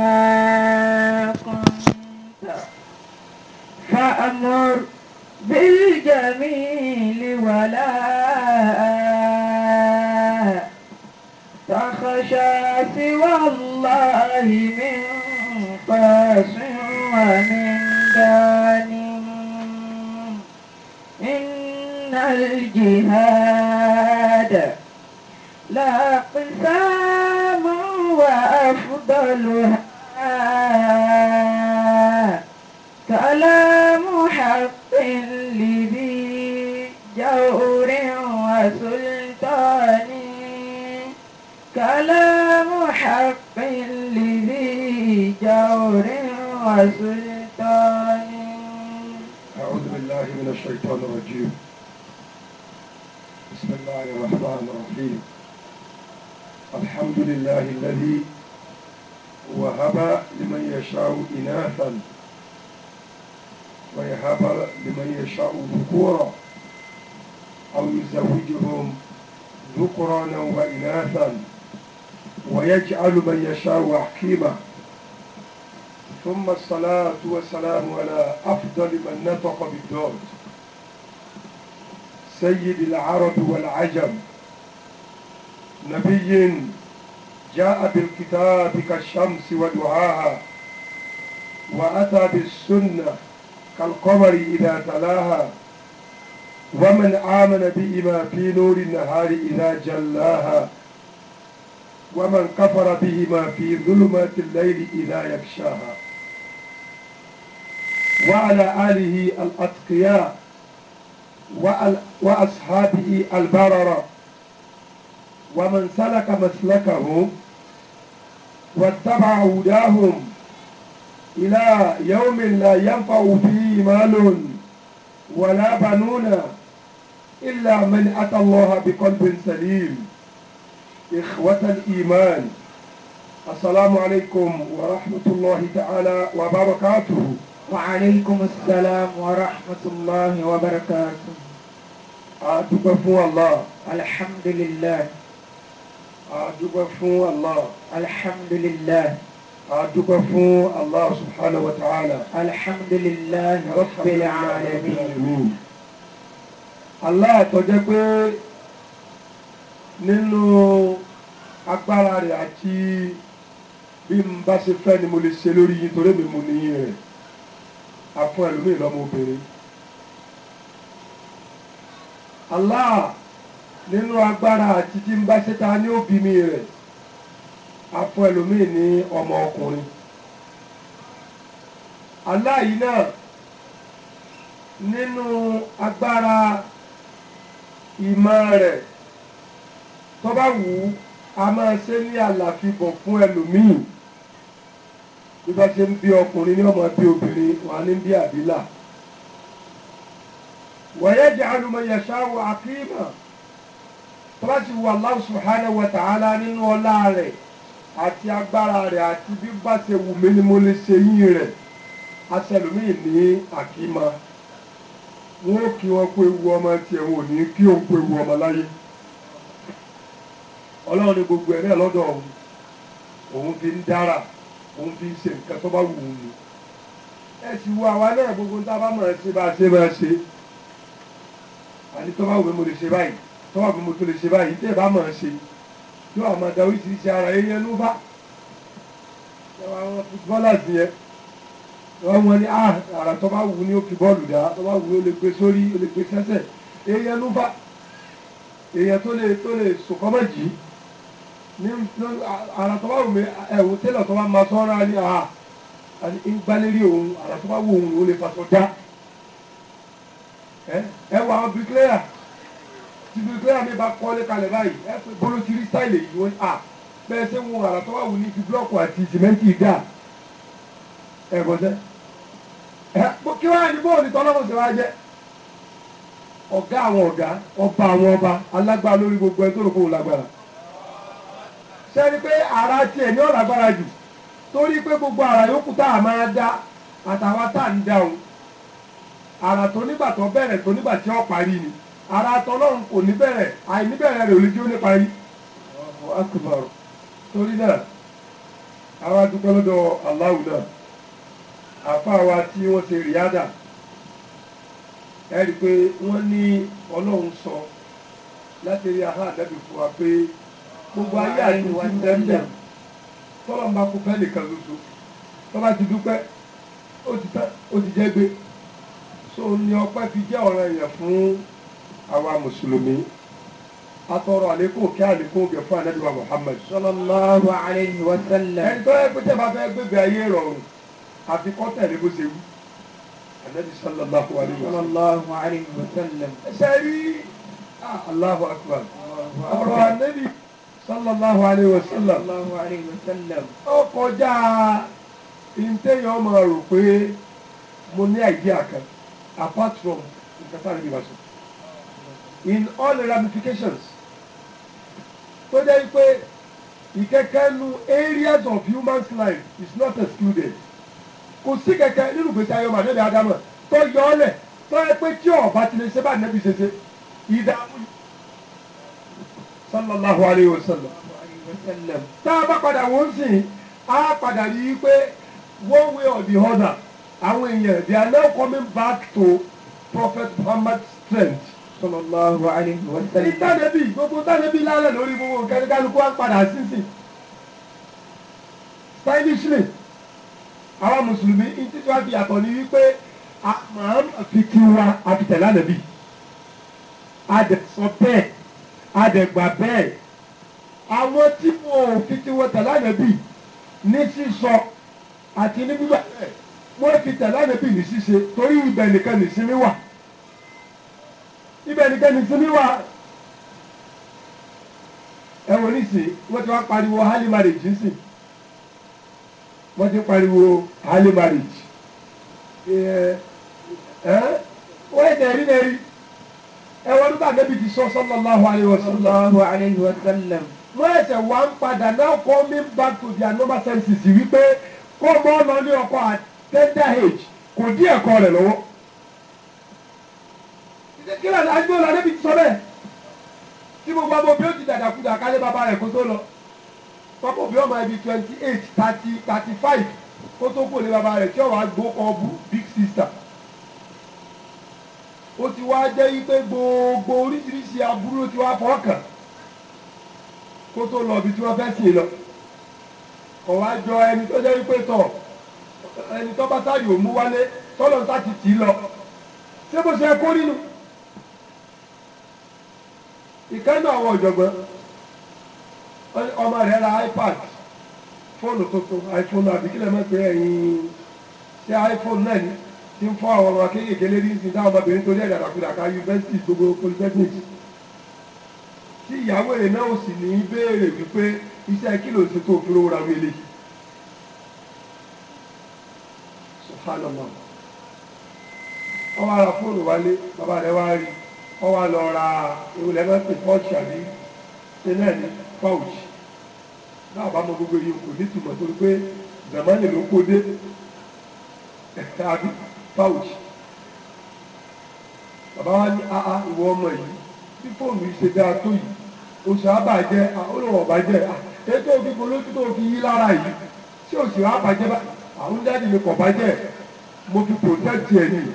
ما كنت فأمر بالجميل ولا تخشى سوى الله من قاس ومن دان إن الجهاد لا قسام وأفضلها كلام حق لذي جور وسلطان كلام حق لذي جور وسلطان أعوذ بالله من الشيطان الرجيم بسم الله الرحمن الرحيم الحمد لله الذي وهب لمن يشاء إناثا ويهب لمن يشاء ذكورا أو يزوجهم ذكرانا وإناثا ويجعل من يشاء حكيما ثم الصلاة والسلام على أفضل من نطق بالدود سيد العرب والعجم نبي جاء بالكتاب كالشمس ودعاها وأتى بالسنة كالقمر إذا تلاها ومن آمن بهما في نور النهار إذا جلاها ومن كفر بهما في ظلمات الليل إذا يغشاها وعلى آله الأتقياء وأصحابه البررة ومن سلك مسلكهم واتبع هداهم إلى يوم لا ينفع فيه مال ولا بنون إلا من أتى الله بقلب سليم إخوة الإيمان السلام عليكم ورحمة الله تعالى وبركاته وعليكم السلام ورحمة الله وبركاته أتقفوا الله الحمد لله àdúgbò fún allah. alhamdulillah. àdúgbò fún allah subhanahu wa ta'ala. alhamdulillah rabbil alamin. allah tó jẹ́ pé nínú agbára rẹ̀ àti bí n bá ṣe fẹ́ ni mo lè ṣe lórí yín torí mi mo níyìn rẹ̀ àfún ẹlòmíì lọ́mọ obìnrin. allah nínú agbára àti tí ń bá ṣẹ́ta ní òbími rẹ̀ afọ ẹlòmíì ní ọmọ ọkùnrin aláyìí náà nínú agbára ìmọ̀ rẹ̀ tó bá wù ú a máa ṣe ní àlàfibọ̀ fún ẹlòmíì bí bá ṣe ń bí ọkùnrin ní ọmọ bí obìnrin wà ní bí àbílà wọ́yẹ́jà alùmọ̀yẹ̀ṣáwò àkíyèmọ̀ tọ́ba ti wo Allah subhanahu wa ta'ala nínú ọlá rẹ̀ àti agbára rẹ̀ àti bí bá ṣe wù mí ni mo lè ṣe yín rẹ̀ aṣẹlòmíì ní àkímọ wọn ò kí wọn pé ewu ọmọ tiẹ̀ wọn ò ní kí òun pé ewu ọmọ láyé ọlọ́run ní gbogbo ẹ̀rẹ́ lọ́dọ̀ òun òun fi ń dára òun fi ń ṣe nǹkan tó bá wù ú ni ẹ sì wo àwa náà gbogbo ń tá a bá mọ̀ ẹ́ ṣe bá a ṣe bá a ṣe àti tó bá wù mí mo lè ṣe báyìí wọ́n wà pé mo tó lè ṣe báyìí tẹ́ ẹ bá mọ̀ ọ́n ṣe yóò àmọ́ da oríṣiríṣi ara yẹn ló bá àwọn footballers yẹn wọ́n wọ́n ní àrà ah, tó bá wù ní òkè bọ́ọ̀lù dá tó bá wù ó lè gbé sórí ó lè gbé sẹ́sẹ̀ èèyàn ló bá èèyàn tó lè tó lè sòkọ́mọ̀ jì ní àrà tó bá wù mí ẹ̀wò tẹ́lẹ̀ tó bá ma sọ́ra ah, ní àhà àti ìgbàlérí òun àrà tó bá wù òun ló lè fasọ̀ dá ẹ ẹ wọ àwọn bíríkìlẹ́yà. títí pé àmì bá kọ́lé kalẹ̀ báyìí ẹ pé bolo ti rí yìí wọ́n à bẹ́ẹ̀ ṣé wọn àrà tó wà wù ní ti àti dà ẹ kí ọ̀gá àwọn ọ̀gá ọba àwọn ọba lórí gbogbo ẹ tó rò kó lágbára ara tiẹ̀ ní ọ̀rọ̀ agbára jù torí gbogbo ara yòókù tá a máa dá àtàwọn ara tó nígbà tó bẹ̀rẹ̀ tó nígbà tí parí ni. ara tọlọ́run kò ní bẹ̀rẹ̀ rẹ̀ ò lè jó nípa yí akùbàrọ̀ torí náà àwa dúpẹ́ lọ́dọ̀ Allahu náà àfa wa tí wọ́n ṣe rìádà ẹ rí pé wọ́n ní ọlọ́run sọ láti rí aha fún wa pé gbogbo ayé àti bá fẹ́ nìkan lóṣù ti dúpẹ́ ó ti jẹ́ gbé so ọpẹ́ fi jẹ́ àwa mùsùlùmí atọrọ àlékún kí àlékún gẹ fún anabi wa muhammad. sallallahu alayhi wa sallam. ẹni tó yẹ kó tẹ́ bá fẹ́ gbégbé ayé rọrùn àfi kọ́ tẹ̀lé bó ṣe wù. anabi sallallahu alayhi wa sallam. sallallahu alayhi wa sallam. ẹsẹ̀ rí alahu ah, akbar. ọ̀rọ̀ anabi sallallahu alayhi wa sallam. sallallahu alayhi wa sallam. ó kọjá ìntẹ́yọ̀ máa rò pé mo ní àìdíyà kan apart from nǹkan tá a lè in all the ramifications tó jẹ́ pé ìkẹ́kẹ́nu areas of human life is not excluded kò sí kẹ̀kẹ́ nínú gbèsè ayé ọmọ àdébẹ̀ ádámà tó yọ ọ́ lẹ̀ tó yẹ pé tí ọba ti lè ṣe bá nẹ́bí ṣe ṣe ìdààmú sallallahu alayhi wa sallam tá a bá padà wọ́n sìn á padà rí i pé one way or the other àwọn èèyàn they are now coming back to Prophet Muhammad's strength sallallahu alaihi wa sallam. èyí tánẹ́bì gbogbo tánẹ́bì lálẹ́ lórí gbogbo nǹkan kálukú wa ń padà sísìn. stylishly àwọn mùsùlùmí títí wá fi yàtọ̀ ní wípé màá fi kí wa àfitẹ̀ lánàbì. a dẹ̀ sọ bẹ́ẹ̀ a dẹ̀ gbà bẹ́ẹ̀. àwọn tí mo fi kí wọ́n tẹ̀ lánàbì ní sísọ àti ní gbígbà bẹ́ẹ̀ wọ́n fi tẹ̀ lánàbì ní ṣíṣe torí ibẹ̀ nìkan nìsinmi wà ibẹ̀ ni kẹ́mi tún níwà ẹ̀wọ̀n nísì wọ́n ti wá pariwo hali marriage nísì wọ́n ti pariwo hali marriage wọ́n yẹ tẹ̀rí lẹ́rí ẹ̀wọ̀n nígbà débi ti sọ sallallahu alayhi wa sallam. sallallahu alayhi wa sallam. wọ́n ẹ̀sẹ̀ wà ń padà now coming back to their normal senses wípé kó mọ́ ọ lọ ní ọkọ at tender age kò dín ẹ̀kọ́ rẹ̀ lọ́wọ́ kílẹ̀ lájú ọ̀la débi ti sọ bẹ́ẹ̀ tí gbogbo ọmọ bí ó ti dàdàkudà kálé bàbá rẹ̀ kó tó lọ tọ́pọ̀ bí ọmọ ibi twenty eight thirty thirty five kó tó kò lé bàbá rẹ̀ tí ọ̀wá gbó ọbú big sister ó ti wá jẹ́ wípé gbogbo oríṣiríṣi aburú ti wá fọ́ọ̀kàn kó tó lọ ibi tí wọ́n fẹ́ sè lọ kọ̀ wá jọ ẹni tó jẹ́ wípé tọ̀ ẹni tó bá sáyò mú wálé tọ́lọ́ ti tì í lọ ṣé bó ṣe kó nínú. ìkẹ́nu àwọn ọ̀jọ̀gbọ́n ọmọ rẹ̀ ra ipad fóònù tuntun iphone àbíkílẹ̀ mọ́ pé ẹ̀yìn ṣé iphone náà ni ti ń fọ́ àwọn ọmọ kéékèèké lérí sí dá ọmọbìnrin torí ẹ̀dà àdàkúdà ká yunifásitì gbogbo polytechnic tí ìyàwó rẹ̀ náà sì ní í béèrè wípé iṣẹ́ kìlò ti tó fi rówó wílé ọmọ ara fóònù wálé bàbá rẹ̀ wá rí wọ́n wá lọ ra ewu lẹ́mọ́ pé pọ́ọ̀tì àbí tẹ́lẹ̀ ní pouch náà bá mọ gbogbo yìí kò nítumọ̀ torí pé zamani ló kó dé àbí pouch bàbá wa ní aa ìwọ ọmọ yìí bí fóònù yìí ṣe dáa tó yìí oṣù àbàjẹ́ olùwọ̀n bàjẹ́ ètò òfìfo lójú tó fi yí lára yìí tí oṣù àbàjẹ́ àwọn jáde mi kọ̀ bàjẹ́ mo fi protect yẹn nìyí.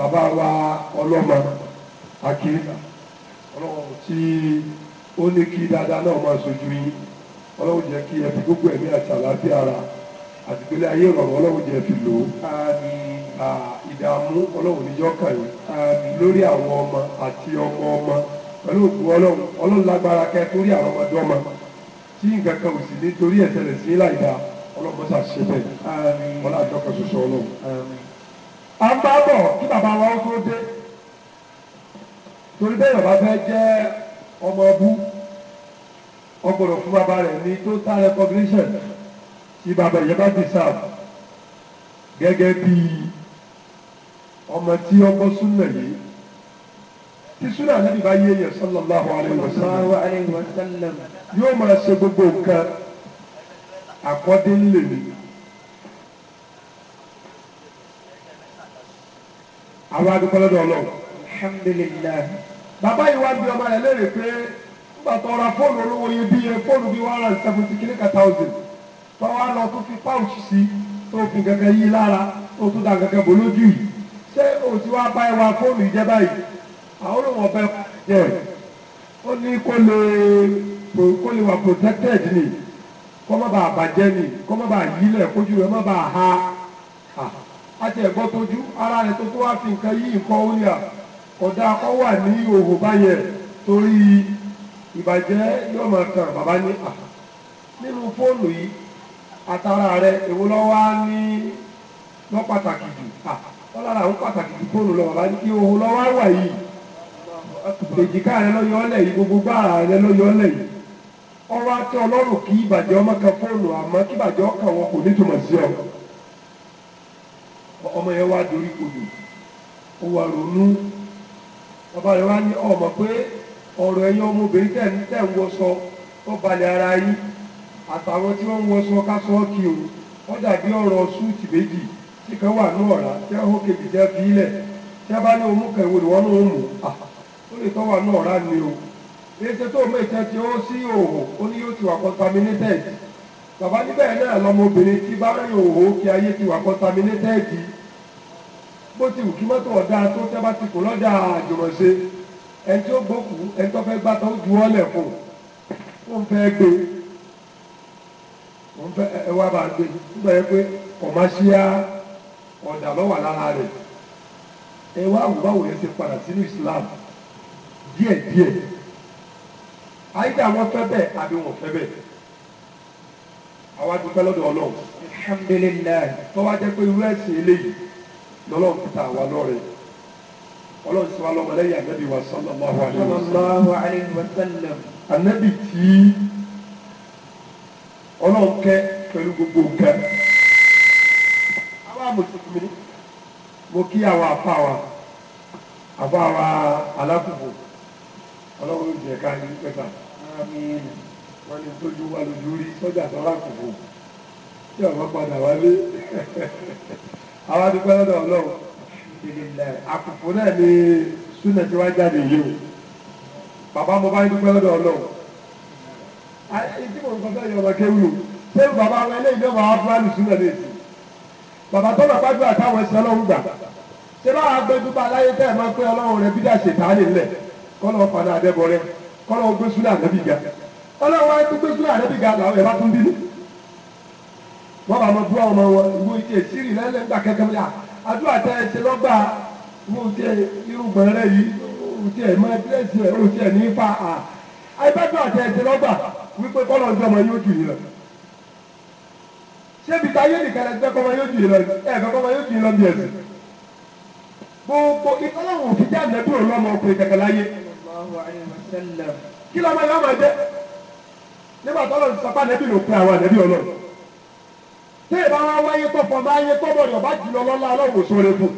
bàbá wa ọlọ́mọ àkè ọlọ́wọ́ tí ó ní kí dáadáa náà máa sojú yín ọlọ́wọ́ jẹ́ kí ẹbí gbogbo ẹ̀mí àti àlàáfíà ara àti pẹ̀lú ayé ìrọ̀rùn ọlọ́wọ́ jẹ́ fi lò ó ìdààmú ọlọ́wọ́ níjọ́ kàyọ̀ lórí àwọn ọmọ àti ọmọ ọmọ pẹ̀lú òkú ọlọ́run ọlọ́run lágbára kẹ́ torí àwọn ọmọdé ọmọ tí nǹkan kan ò sì ní torí ẹ̀ṣẹ̀ rẹ̀ sí láìda ọlọ́run ṣàṣẹ bẹ́ẹ̀ ọlọ́run àjọkọ̀ ṣoṣo à ń bá bọ̀ kí bàbá wa ó tó dé torí bẹ́ẹ̀ bàbá fẹ́ jẹ́ ọmọ ọbú ọgbọ̀dọ̀ fún bàbá rẹ̀ ní total recognition tí bàbá ìyẹn bá ti sá gẹ́gẹ́ bí ọmọ tí ọkọ súnà yìí tí súnà níbi bá yé yẹn sallallahu alaihi wasallam yóò máa ṣe gbogbo nǹkan àkọ́dé ńlẹ̀ nìyí. àwọn adúpẹ́ lọ́dọ̀ ọlọ́run. alhamdulilayi. bàbá yìí wá bí ọmọ rẹ̀ léèrè pé nígbà tó ra fóònù olówó yẹn bí yẹn fóònù bíi one hundred seventy tó wá lọ tó fi pouch sí tó fi gẹ́gẹ́ yí lára tó tún da bò lójú yìí ṣé o ti wá wá fóònù àwọn ni kó má bàa ni kó má bàa yílẹ̀ kójú rẹ̀ má ah. àti ẹ̀gbọ́n tójú ara rẹ̀ tó tó wá fi nǹkan yí nǹkan ó ní à ọ̀dà kọ́ wà ní òhò báyẹn torí ìbàjẹ́ yóò máa kan bàbá ní à ah, nínú fóònù yìí àtàrà rẹ̀ èwo lọ́ wá ní pàtàkì jù à ah, wọ́n lára àwọn pàtàkì jù fóònù gbogbo yọ àti ọmọ kan fóònù àmọ́ kí ọkàn wọn ọ. ọmọ yẹn wá dorí kodò ó wà ronú wá ní ọmọ pé ọrọ ọmọbìnrin ń ara yín àtàwọn tí wọ́n ń o ó dàbí ọ̀rọ̀ súùtì méjì tí kan wà ní ọ̀rá tí kejì jẹ́ tí bá ní ni wọ́n ń ah, o èyí tó bàbá níbẹ̀ náà lọmọbìnrin tí bá rìn òwò kí ayé ti wà kọ́ntaminétẹ́ẹ̀dì bó ti wù kí mọ́tò ọ̀dà tó tẹ́ bá ti kù lọ́jà àjùmọ̀ṣe ẹni tí ó gbókù ẹni tó fẹ́ gbá tó ju ọ́lẹ̀ fún un fẹ́ gbé òun fẹ́ ẹ wá bá gbé nígbà yẹn pé kọ̀máṣíà ọ̀dà lọ́wọ́ lára rẹ̀ ẹ wá àwòbáwò yẹn ti padà sínú Islam díẹ̀díẹ̀ àyíká wọn fẹ́ bẹ́ẹ̀ àbí wọn fẹ́ bẹ́ẹ̀ àwa dúpẹ́ lọ́dọ̀ ọlọ́run alhamdulilayi tó jẹ́ pé irú ẹ̀sìn eléyìí lọ́lọ́run ti àwa lọ́rẹ ọlọ́run ti wá lọ́mọ lẹ́yìn ànábì wa sallallahu alayhi wa sallam ànábì tí ọlọ́run kẹ́ pẹ̀lú gbogbo nǹkan àwa mùsùlùmí mo kí àwa àfa wa àfa wa alákùnfò ọlọ́run jẹ ká ní pẹ́ta wọ́n ní tójú wà lójú rí sọ́jà tọ́lá kòkò tí ọ̀rọ̀ padà wálé àwọn adúgbò lọ́dọ̀ ọlọ́run ìlẹ̀ àkùkù náà ni súnà tí wọ́n jáde yìí o bàbá mo bá ń dúpẹ́ lọ́dọ̀ ọlọ́run tí mo ń sọ yọ ọmọ kéwì o ṣé bàbá àwọn eléyìí náà máa fún àlùsùn náà lè sí bàbá tó lọ́pàá dúró àtàwọn ẹ̀sìn ọlọ́run gbà ṣé báwa gbẹ́jú bá láyé tẹ́ ẹ̀ máa pé ọlọ́run rẹ bídà ṣètà fana àdẹ́bọ̀ rẹ kọ́ lọ́ọ́ gbé súnà àdẹ́bì ọlọ́wọ́ ẹ dúpẹ́ ju àrẹ́bí ga làwọn ẹ̀ bá tún bínú wọ́n bá mọ bú àwọn ọmọ wọn ìwọ ìdí èsìrì lẹ́lẹ́ gbà kẹ́kẹ́ mi àdúrà tẹ ẹ ṣe lọ́gbà wọ́n ti irúgbọ̀n rẹ yìí wọ́n ti ẹ̀ mọ ẹ̀dírẹ́sì rẹ wọ́n ti ẹ̀ ní fa à àìbádùn àti ẹ̀ṣẹ̀ lọ́gbà wípé kọ́lọ̀ ń dọ́mọ yóò jù yín lọ. ṣébi ta yé nìkan ẹgbẹ́ kọ́mọ yóò jù yín lọ ẹ̀fẹ́ kọ́mọ yóò jù yín lọ bí ẹ̀sìn. gbogbo ìkọlọ́wọ̀n òfin jáde nígbà tó lọ́nà sọpá nẹ́bí ló pe àwọn ànẹ́bí ọlọ́run tí ìbá wa wáyé tó fọmọ ayé tó bọ̀dọ̀ bá jù lọ lọ́la ọlọ́run sóore fún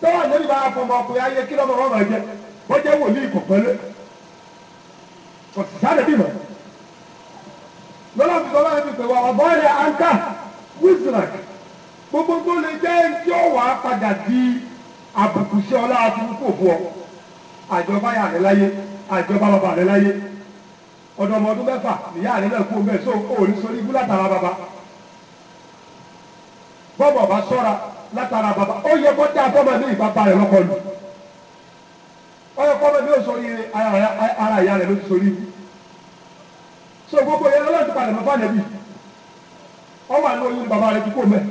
tọ́wọ́ ànẹ́bí bá fọmọ ọkùnrin ayé kí lọ́mọ wọn máa jẹ bó jẹ́ wòlíì kọ̀pẹ́lẹ́ òṣìṣẹ́ ànẹ́bí mọ̀ lọ́lọ́run sọ wáyé pé wà ọ̀bọ̀ rẹ̀ anka wizrak gbogbo tó lè jẹ́ tí ó wà padà di àbùkù sí ọlá àtúntò fún ọ àjọba yà rẹ láyé àjọba bàbá rẹ láyé ọ̀dọ̀ ọmọ ọdún mẹ́fà níyà rẹ̀ náà kú omi ẹ̀ tó òòrí sórí ibú látara bàbá bọ́ọ̀bù ọ̀bá sọ́ra látara bàbá ó yẹ kó dá bọ́ọ̀mọ ní ìbába rẹ̀ lọ́kọ lù ó yẹ kó bẹ́ẹ̀ bí ó sọ yẹ ara ìyá rẹ̀ ló ti sórí ibú so gbogbo yẹn lọ́dún padà bàbá rẹ̀ bì ọ wà lóyún bàbá rẹ̀ kíkó mẹ́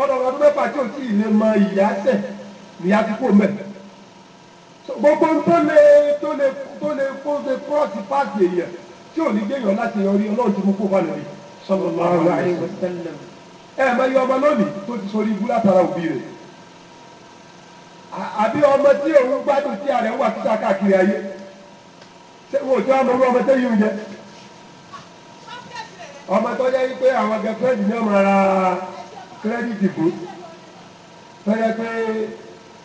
ọ̀dọ̀ ọdún mẹ́fà tí ò tí ì lè mọ ìyá sẹ̀ níyà kíkó mẹ́ gbogbo tó lè tó lè tó lè kó lè kúrọ́ọ̀sì páàkì èèyàn tí ò ní gbéyàn láti yọrí ọlọ́run tó mú kó bá lórí sallallahu alaihi wasallam ẹ mọ iye ọmọ lónìí tó ti sori ibú látara òbí rẹ àbí ọmọ tí òun gbádùn tí ààrẹ wà títà káàkiri ayé wo tí wọn mọ owó ọmọ tẹ́yìn oúnjẹ ọmọ tó yẹ pé àwọn gẹfẹ́ndì ní ọmọ ara kírẹ́dìtì fún tó yẹ pé.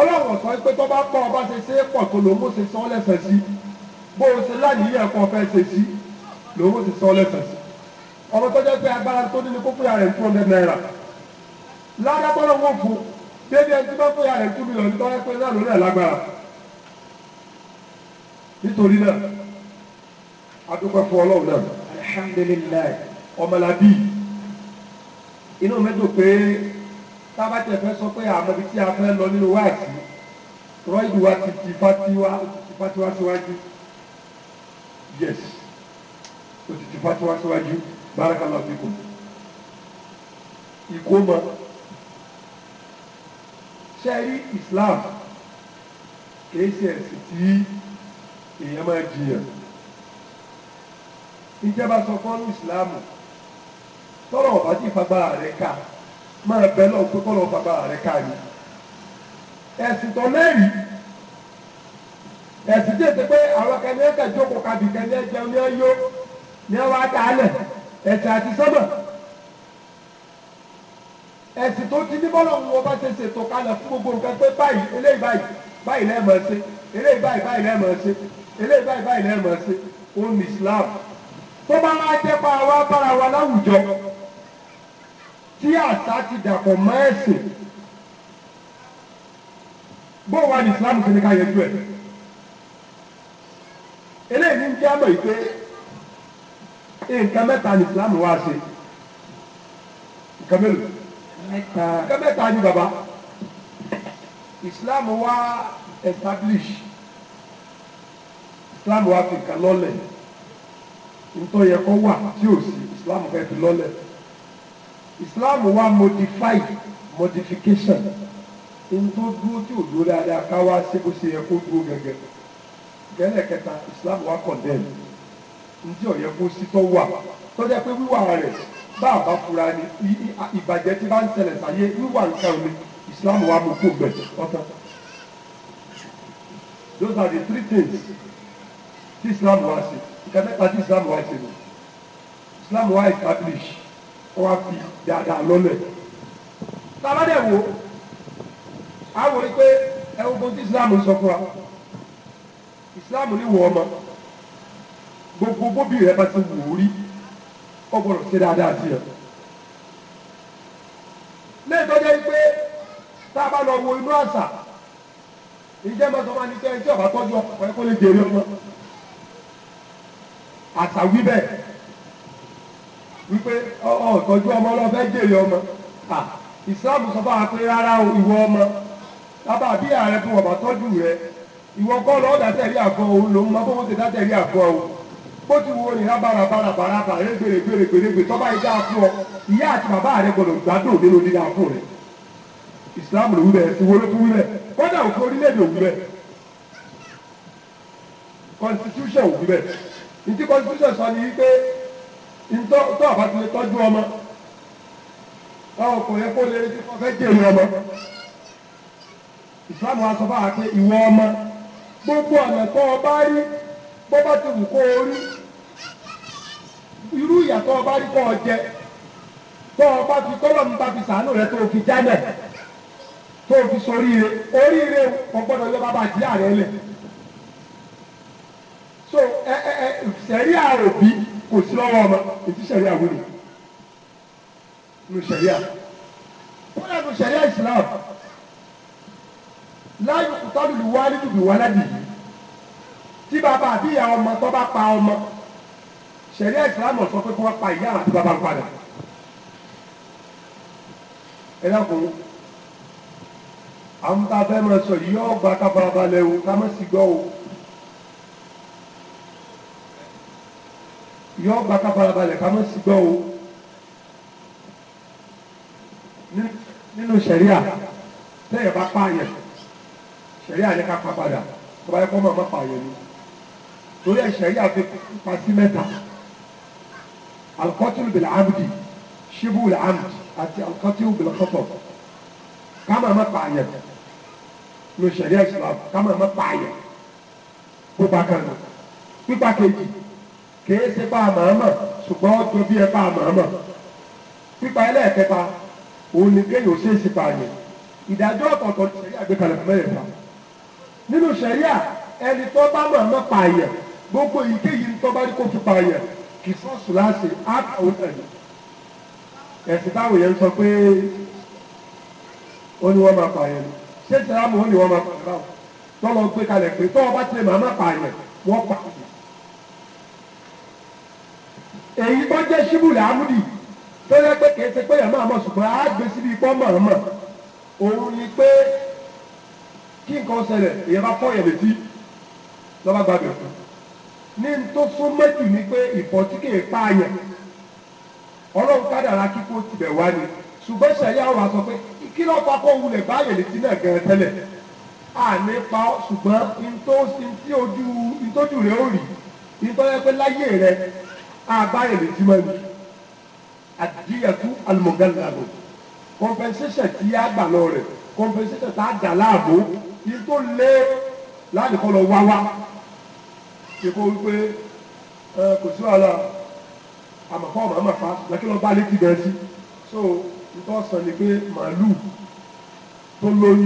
ọlọ́run sọ pé tó bá pọ̀ ọba ṣe ṣe é pọ̀ tó lòun ó ṣe san lẹ́sẹ̀ sí bó o ṣe láyìíyàn kan fẹ́ ṣe sí lòun ó ṣe san lẹ́sẹ̀ sí ọmọ tó jẹ́ pé agbára tó nínú kókó yàrá ẹ̀ two hundred naira ládàbọ̀lọ̀ wọ́n fún débi ẹni tí bá kó yàrá ẹ̀ two million nítorí pé náà lórí ẹ̀ lágbára nítorí náà adúpẹ́ fún ọlọ́run náà alihamdulilayi ọmọlábí inú mẹ́tò pé tábàtẹ̀ fẹ́ sọ pé àmọ́ ibi tí a fẹ́ lọ nínú wáàsí rọ́ìdì wa ti ti fatiwa ó ti ti fatiwa síwájú yes ó ti ti fatiwa síwájú bárakàlá fíkò ìkómọ ṣẹ́rí Islam kìí ṣe ẹ̀sìn tí èèyàn máa jiyàn ìjọba sọ fọ́nù Islam tọ́rọ̀ ọ̀bá ti fagbára rẹ̀ ká máa bẹ lọ pé kọ́ lọ bàbá rẹ kárí ẹ̀sìn tó mẹ́rin ẹ̀sìn tí ètò pé àwọn kan ní ẹ̀ka jókòó kàbí kan ní ẹ̀jẹ̀ ní ẹ̀yọ́ ní ẹ̀wọ̀ àtàlẹ̀ ẹ̀sìn àti sọ́mọ̀ ẹ̀sìn tó ti ní bọ́lọ̀ ń wọ bá ṣe ṣètò kalẹ̀ fún gbogbo nǹkan pé báyìí eléyìí báyìí báyìí lẹ́ẹ̀ mọ̀ ṣe eléyìí báyìí báyìí lẹ́ẹ̀ mọ̀ ṣe eléyìí báyìí báyìí lẹ́ẹ̀ mọ̀ ṣe ó ní Islam tó bá máa jẹ́ pa àwa bára wa láwùjọ tí àṣà ti dàpọ̀ mọ́ ẹ̀sìn bó wà ní Islam ṣe ní ká yẹjú ẹ̀ eléyìí ní jẹ́ àmọ́ ìpè nǹkan mẹ́ta ní Islam wá ṣe nǹkan mélòó nǹkan mẹ́ta ní bàbá Islam wá establish Islam wá fi nǹkan lọ́lẹ̀ nítorí ẹ̀kọ́ wà tí ò sí Islam fẹ́ fi lọ́lẹ̀ islam wa modify modification n tó dúró tí ò dúró dáadáa ká wá sí bó ṣe yẹ kó dúró gẹ́gẹ́ gẹ́lẹ́ kẹta islam wa condemn ntí ó yẹ kó sí tó wà tó jẹ́ pé wíwà rẹ̀ bá a bá fura ni ìbàjẹ́ tí bá ń ṣẹlẹ̀ sáyé wíwà nǹkan mi islam wa mú kó bẹ̀ ọ̀tọ̀ those are the three things tí islam wa ṣe ìkàtẹ́ta tí islam wa ṣe ni islam wa establish. wọ́n á fi dáadáa lọ́lẹ̀. Tàbá dẹ̀ pé ẹ wo sọ fún wa. wọ ọmọ. Gbogbo bóbí rẹ bá ti wò rí, ó gbọ́dọ̀ ṣe dáadáa sí ẹ. jẹ́ a bá lọ wo inú àṣà, ìjẹ́ máa sọ máa ní pé ẹni tí ọ̀bá wípé ọ̀tọ́jú ọmọ náà fẹ́ jèrè ọmọ ìsìláàmù sọ fún wa pé rárá ìwọ ọmọ bàbá àbí ààrẹ fún ọba tọ́jú rẹ ìwọ kọ́ lọ́ọ́ dátẹ̀rí àgọ́ òun lòún mọ bó ti dátẹ̀rí àgọ́ òun bó ti wo ìhà bàràbàràbàràbà rẹ gbèrègbèrè gbèrègbè tọ́ba ìjà fún ọ ìyá àti bàbá rẹ gbọdọ̀ gbádùn nínú dídá fún rẹ ìsìláàmù ló wí bẹ́ẹ̀ ti wọlé fún wí bẹ́ẹ̀ kọ́dà òfin orílẹ̀-èdè òwú bẹ́ẹ̀ constitution òwú bẹ́ẹ̀ ní ti constitution sọ ni wípé tó àbátúlé tọ́jú ọmọ táwọn kò yẹ kó lè rí kó fẹ́ jèrè ọmọ ìsìlámù wa sọ fún wa pé ìwọ ọmọ gbogbo ọ̀nà tó o bá rí bó bá ti wù kó o rí irú ìyà tó o bá rí kó o jẹ tó o bá fi tọ́lọ̀ nípa fi sàánù rẹ tó o fi jálẹ̀ tó o fi soríire oríire kò gbọ́dọ̀ yọ bàbá àti ìyá lẹ̀ so ẹ ẹ ẹ sẹ́rí àròbí kò sí lọ́wọ́ ọmọ ètí sẹ̀rí àwòrán ní sẹ̀rí à kódà ní sẹ̀rí à Islam láyé kùtọ́lù ni wọ́n á níbi ìwọ́lẹ́bì tí bàbá àbí ìyá ọmọ tó bá pa ọmọ sẹ̀rí à Islam sọ pé kó wọ́n pa ìyá àti bàbá padà ẹ dákun àwọn tá a fẹ́ máa sọ yìí yọ ọgbà kábàbà lẹ́wọ̀ ká má sì gbọ́ o. yọ ọgbà káfarabalẹ̀ ká mọ̀ sí gbọ́ o nínú sẹ̀ríà tẹ́yẹ̀ bá pààyàn sẹ̀ríà ní ká pa padà tó bá yẹ kó mọ̀ mọ́ pààyàn ni torí ẹ̀ sẹ̀ríà fi pa sí mẹ́ta alikọ́tìlù bìlà ámdì ṣíbù bìlà ámdì àti alikọ́tìlù bìlà kọ́tọ̀ ká mọ̀ mọ́ pààyàn nínú sẹ̀ríà ìsìlámù ká mọ̀ mọ́ pààyàn pípa kan pípa kejì kìí ṣe pa àmàmà ṣùgbọ́n ó tóbi ẹ pa àmàmà pípa ẹlẹ́ẹ̀kẹta òun ni kéèyàn ṣe é ṣe pààyàn ìdájọ́ ọ̀tọ̀ọ̀tọ̀ ní sẹ́yà gbé kalẹ̀ mẹ́rẹ̀ẹ́fà nínú sẹ́yà ẹni tó bá màmá pààyàn gbogbo èyíkéyìí tó bá rí kó fi pààyàn kì í sọ́ọ̀sù láṣẹ áàkà òun tẹ̀lé ẹ̀sìn táwọn yẹn sọ pé ó ní wọ́n máa pààyàn ni ṣé ìsìlámù ó ní wọ́n máa pààyàn báwo tọ́lọ́ gbé kalẹ̀ pé tọ́wọ́ bá tilẹ̀ èyí tó jẹ́ ṣíbùlì amúdì tó yẹ pé kìí ṣe pé yẹn máa mọ̀ ṣùgbọ́n á gbé síbi ipò mọ̀ọ́mọ̀ òun ni pé kí nǹkan ṣẹlẹ̀ èyàn bá fọ́ yẹn létí lọ́ba gbàgbẹ́ fún ní tó sún méjì ni pé ìbọn tí kìí pààyàn ọlọ́run kádàrá kíkó tibẹ̀ wá ni ṣùgbọ́n ṣẹ̀yà wà sọ pé kí ló fa kó wulẹ̀ báyẹn létí náà gan tẹ́lẹ̀ àní pa ọ́ ṣùgbọ́n ntó ntí ojú ntójú rẹ̀ ó rí ntọ́ yẹ pé láyé rẹ̀ agbára ìlú tí wọ́n àdíyàtú àlùmọ̀gánláàbò compensation do a gbà lọ rẹ̀ compensation tá a dà láàbò yìí tó lé ládìkọ́ lọ wá wá ṣe kó wípé kò sí wàhálà àmọ̀fọ́ ọ̀mọ̀ àmọ̀fá lẹ́kí lọ́ọ́ bá létí bẹ́ẹ̀ sí so nítorí sọ ni pé màálùú tó lóyún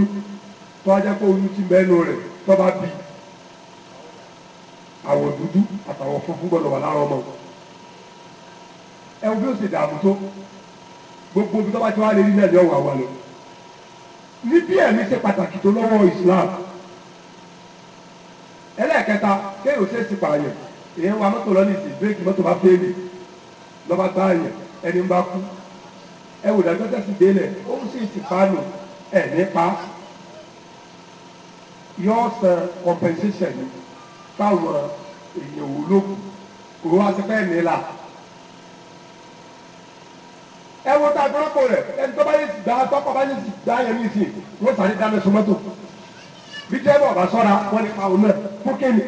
tó ajá pé oyún ti mẹ́nu rẹ̀ tó bá bí àwọ̀ dúdú àtàwọ̀ funfun gbọ́dọ̀ wà lára ọmọ wọn ẹ̀wọ̀n bí ó ṣe dààmú tó gbogbo ibi tó bá ti wá lè rí náà ni ọ̀wọ̀ àwa lọ. ní bí ẹ̀mí ṣe pàtàkì tó lọ́wọ́ Islam ẹlẹ́ẹ̀kẹta kéèyàn ṣe é sì pààyàn èèyàn wa mọ́tò lọ́nà ìsìn bírèkì mọ́tò bá fẹ́ẹ́lì lọ́ba gbá àyàn ẹni ń bá kú ẹ wò dájú ọjọ́ sì délẹ̀ ó ń sì ti pánù ẹ̀ nípa yọ san compensation ni fáwọn èèyàn òwúlò kò wá sí pẹ́ẹ́ nílà ẹ wo tá a gbọ́dọ̀ kó rẹ̀ ẹni tó bá yẹ ti gbà tó bá yẹ ti gbà yẹn ní ìsìn wọ́n sáré dáná sun mọ́tò bí jẹ́ bọ̀ bá sọ́ra wọ́n ní pa òun náà fún kéènì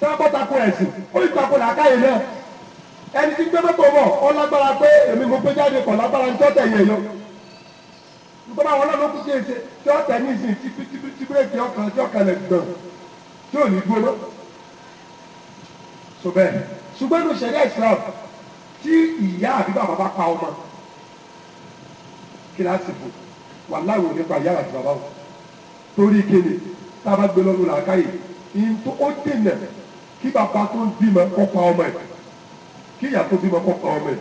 sábọ́ tako ẹ̀sìn ó yí tako làákàyè náà ẹni tí gbé mọ́tò bọ̀ ọ lágbára pé èmi mo gbé jáde kọ̀ lágbára ní tọ́tẹ̀ yẹn yọ nítorí àwọn ọlọ́run kú sí èsè tí ọ̀tẹ̀ ní ìsìn tí tí Islam tí ìyá àbí bàbá bá pa ọmọ kíláàsì bò wà láwọn nípa ìyá àti bàbá wọn torí kéde tá a bá gbé lọ́nu làákàyè ìyẹn ó dènà kí bàbá tó ń bímọ kó pa ọmọ ẹ̀ kí ìyá tó bímọ kó pa ọmọ ẹ̀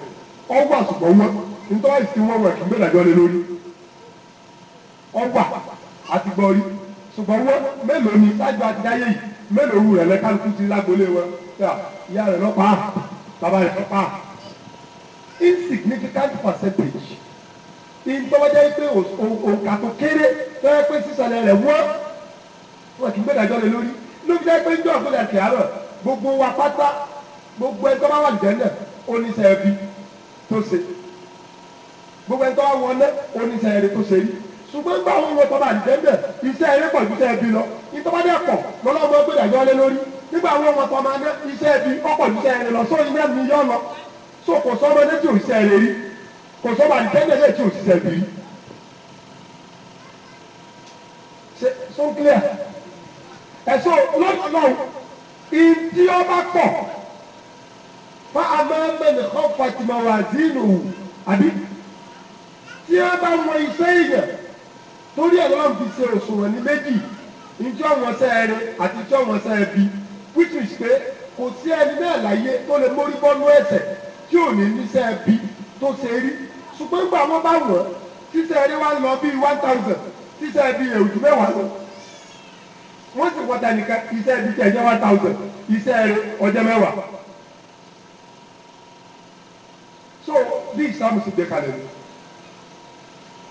ọwọ́ àsùpọ̀ wọn nítorí àìsí wọn wọn kì í gbẹ́dàjọ́ lé lórí ọwọ́ àti gbọ́rí ṣùgbọ́n wọ́n mélòó ni ṣáájú àti dáyé yìí mélòó wù rẹ̀ lẹ́kàlùkù ti lágbolé wọn ìyá rẹ̀ lọ́pàá bàbá rẹ̀ lọ́pàá insignificant percentage ìtọ́wọ́jẹ́ pé òǹkà tó kéré tó yẹ pé sísọlẹ̀ rẹ̀ wọ́n wọ́n ti gbẹ́dàjọ́ lé lórí ló fi jẹ́ pé ń jọ àgbẹ̀dà kì á rọ̀ gbogbo wa pátá gbogbo ẹni tó bá wà jẹ́ náà oníṣẹ́ ẹbí tó ṣe gbogbo ẹni tó bá wọ náà oníṣẹ́ ẹbí tó ṣe rí ṣùgbọ́n gbà wọn wọn tó bá jẹ́ náà iṣẹ́ ẹbí pọ̀ ju iṣẹ́ ẹbí lọ ìtọ́wọ́jẹ́ pọ̀ lọ́lọ́mọ gbẹ́dàjọ́ lé lórí nígbà wọn wọn tó máa so kò sọ́mọdé tí òṣìṣẹ́ rẹ̀ rí kò sọ́mọ àdìtẹ́gbẹ̀lẹ̀ tí òṣìṣẹ́ bí rí ṣe so clear ẹ̀sọ́ lọ́nà ìdí ọba pọ̀ fún amẹ́mẹ́ni kan fatima wazinu àbí tí a bá wọ iṣẹ́ èèyàn torí ẹ̀ lọ́n fi ṣe òṣùwọ̀n ní méjì ìjọ wọn sẹ́ẹ̀rẹ́ àti ìjọ wọn sẹ́ẹ̀bí which is pé kò sí ẹni náà láyé tó lè mórí bọ́nú ẹ̀sẹ̀ tí ò ní níṣẹ́ bí tó ṣe rí ṣùgbọ́n gbà wọ́n bá wọ̀ tíṣẹ́ rí wá lọ bíi one thousand tíṣẹ́ bíi èwùjú mẹ́wàá lọ wọ́n sì wọ́ta nìkan iṣẹ́ bíi tẹ̀ jẹ́ one thousand iṣẹ́ rí ọjọ́ mẹ́wàá. so bí ìsàmù sì gbé kalẹ̀ lọ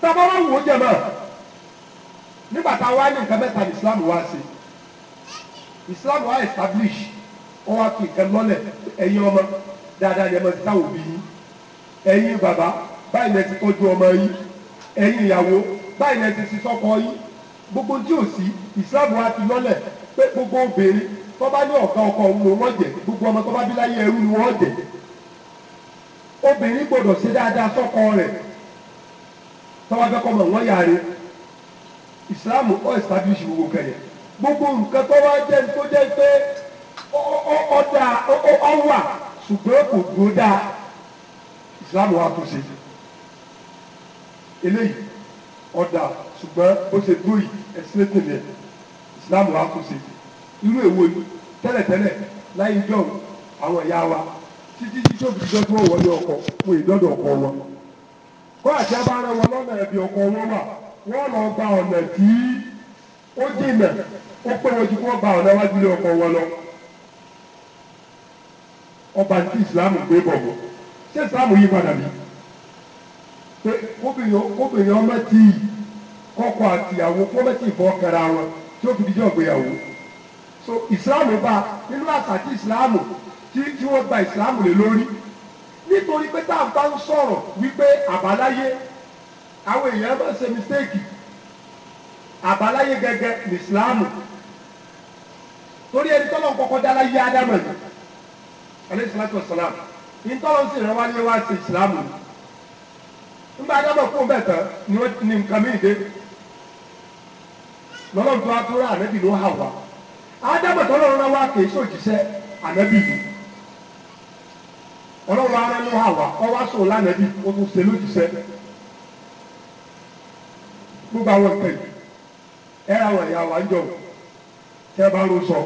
tábà wà wò ó jẹ mọ́ nígbà tá a wá ní nǹkan mẹ́ta ní Islam wá sí Islam wá establish ó wá kí nǹkan lọ́lẹ̀ ẹ̀yin ọmọ dáadáa yẹn mọ ti táwọn òbí yín ẹ̀yin bàbá báyìí lẹ ti tọ́jú ọmọ yín ẹ̀yin ìyàwó báyìí lẹ ti ti sọ́kọ yín gbogbo tí ò sí ìsìláàmù wa ti lọ́lẹ̀ pé gbogbo obìnrin tó bá ní ọ̀gá ọkọ òun ló wọ́n jẹ gbogbo ọmọ tó bá bí láyé ẹrú ni wọ́n jẹ obìnrin gbọdọ̀ ṣe dáadáa sọ́kọ rẹ̀ tọ́wọ́ fẹ́ kọ́ mọ̀ wọ́n yára ìsìláàmù ọ̀ establish gbogbo kẹyẹ gbogbo nǹkan tó wá jẹ́ tó jẹ́ pé ọ̀dà ọ̀wà ṣùgbọ́n kò dúró dáa islam wa tó ṣe eléyìí ọ̀dà ṣùgbọ́n ó ṣe dúró yìí ẹ̀sìn ètò islam wa tó ṣe irú èwo tẹ́lẹ̀tẹ́lẹ̀ láyé ìjọ àwọn ìyá wa títí tí tó fi jọ tó wọlé ọkọ fún ìdọ́dọ̀ ọkọ wọn kó àti abára wọn lọ́nà ẹ̀bí ọkọ wọn wà wọ́n lọ gba ọ̀nà tí ó dènà ó pé wọn ju kó gba ọ̀nà wájú lé ọkọ wọn lọ ọba tí ìsìlámù gbé bọ̀ bọ̀ ṣé ìsìlámù yí padà bí pé obìnrin ọmọ tí ọkọ àtìyàwó kó mẹ́tì ìbọn kẹra wọn tí ó fi dijọ́ ìgbéyàwó so ìsìlámù bá nínú àṣà tí ìsìlámù tí tí wọ́n gba ìsìlámù lé lórí nítorí pé tá a bá ń sọ̀rọ̀ wípé àbáláyé àwọn èèyàn máa ń ṣe mistake àbáláyé gẹ́gẹ́ ní ìsìlámù torí ẹni tọ́lọ́ kọ́kọ́ dá láyé ádámù yìí alayhi salatu wa salam ìtọ́lọ́ sì rẹ̀ wá ní wá sí ìsìlámù nígbà dábọ̀ kó bẹ̀ tán ni wọ́n ní nǹkan mí dé lọ́lọ́run tó wá tó rà ànábì ló hà wá ádámọ̀ tọ́lọ́run náà wá kì í sòjíṣẹ́ ànábì yìí ọlọ́run ara ló hà wá ọwá sòrò lánàbì ó tún ṣe lójíṣẹ́ gbogbo àwọn nǹkan yìí ẹ ra àwọn ìyá wa ń jọ tẹ́ bá ló sọ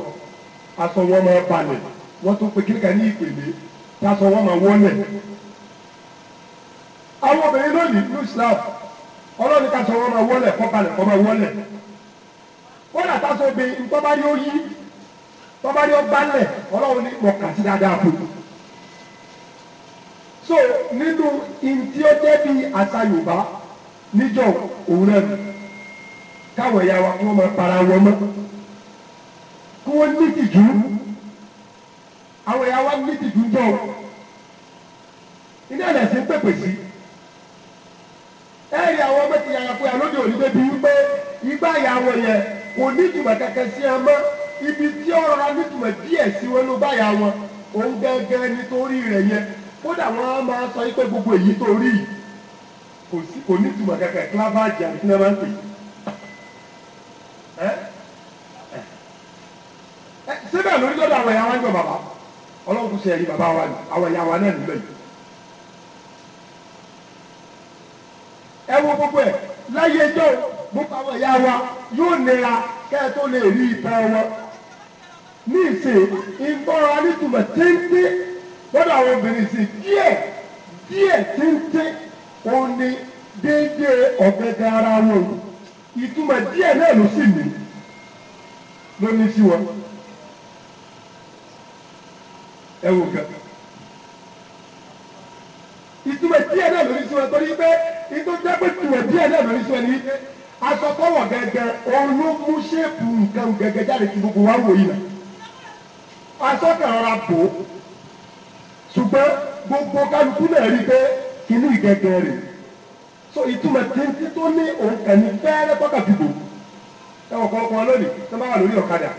aṣọ wọn máa balẹ̀ wọ́n tún pe kíníkà ní ìpèlè tásọ wọ́n máa wọ́lẹ̀. àwọn obìnrin lónìí ní Islam ọlọ́ni tásọ wọ́n máa wọ́lẹ̀ kọ́ balẹ̀ kọ́ máa wọ́lẹ̀. kódà tásọ obìnrin tọ́ba ni ó yí tọ́ba ni ó balẹ̀ ọlọ́run ní mọ̀ọ́kà sí dáadáa fún un. so nínú ìdí ó jẹ́ bí àṣà Yorùbá níjọ òun náà káwọn ẹ̀yà wa kí wọ́n máa para wọn mọ́ kí wọ́n ní tìjú. àwọn èèyàn wá ní tìjú jọ o ilé ẹ̀rẹ̀ sí ń pèpè sí ẹ̀rí àwọn ọmọ ti yà lóde òní bẹ́ẹ̀ bí wípé igbá ìyá ibi tí rọra ní ìtumọ̀ díẹ̀ sí wọn ló bá wọn òun gẹ́gẹ́ nítorí rẹ̀ kódà wọn máa sọ pé gbogbo èyí kò ní ìtumọ̀ ọlọ́run kò sẹ́yìn bàbá wa ni àwọn ìyá wa náà níbẹ̀ yìí. ẹ wo gbogbo ẹ láyé jọ gbogbo àwọn ìyá wa yóò nira kẹ́ ẹ tó lè rí ìtàn wọn. ní ìsìn ìgbọ́ra nítumọ̀ téńté lọ́dọ̀ àwọn obìnrin sí díẹ̀ díẹ̀ téńté òun ni déédéé ọ̀gẹ̀dẹ̀ ara wọn ìtumọ̀ díẹ̀ náà ló sì ní lónìí sí wọn ẹwù kan. ìtumọ̀ díẹ̀ náà lórí sùn ẹ̀ torí pé ìtò jẹ́ pé tùwẹ̀ díẹ̀ náà lórí sùn ẹ̀ ní aṣọ tọwọ̀ gẹ́gẹ́ olómú ṣéèpù nǹkan gẹ́gẹ́ jáde tí gbogbo wa wò yìí nà. aṣọ kẹrọra bò ó ṣùgbọ́n gbogbo kálukú náà rí pé kìnnú ìgẹ́gẹ́ rẹ̀ so ìtumọ̀ títí tó ní òun kàn ní fẹ́ẹ́rẹ́ tọ́ka dìbò ẹ̀wọ̀n kọ̀ọ̀kan lónìí tó bá wà lórí ọ̀kadà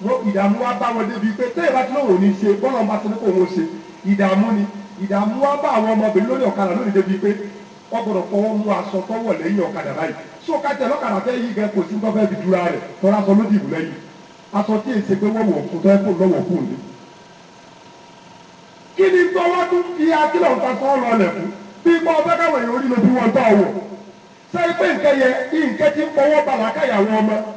ìdààmú wa bá wọn débi pé téè bá ti lóun ò ní ṣe bọ́lá ọba tó ní kò wọ́n ṣe ìdààmú ni ìdààmú wa bá àwọn ọmọbìnrin lórí ọ̀kadà lónìí débi pé wọ́n gbọ́dọ̀ fọwọ́ mú aṣọ tó wọ̀ lẹ́yìn ọ̀kadà báyìí so kájà lọ́kadà fẹ́ yí gan kò sí nǹkan fẹ́ fi dúra rẹ̀ tọ́lá sọ lójì ìbú lẹ́yìn aṣọ tí èsè pé wọ́n wọ̀ kó tọ́ ẹ́ kó lọ́wọ́ kó ní. kí ni tọ́wọ́ tún fi akílọ̀ nǹkan sọ́ lọ lẹ̀ fún bí gbọ́ ọbẹ̀ káwọn èèyàn orí lóbi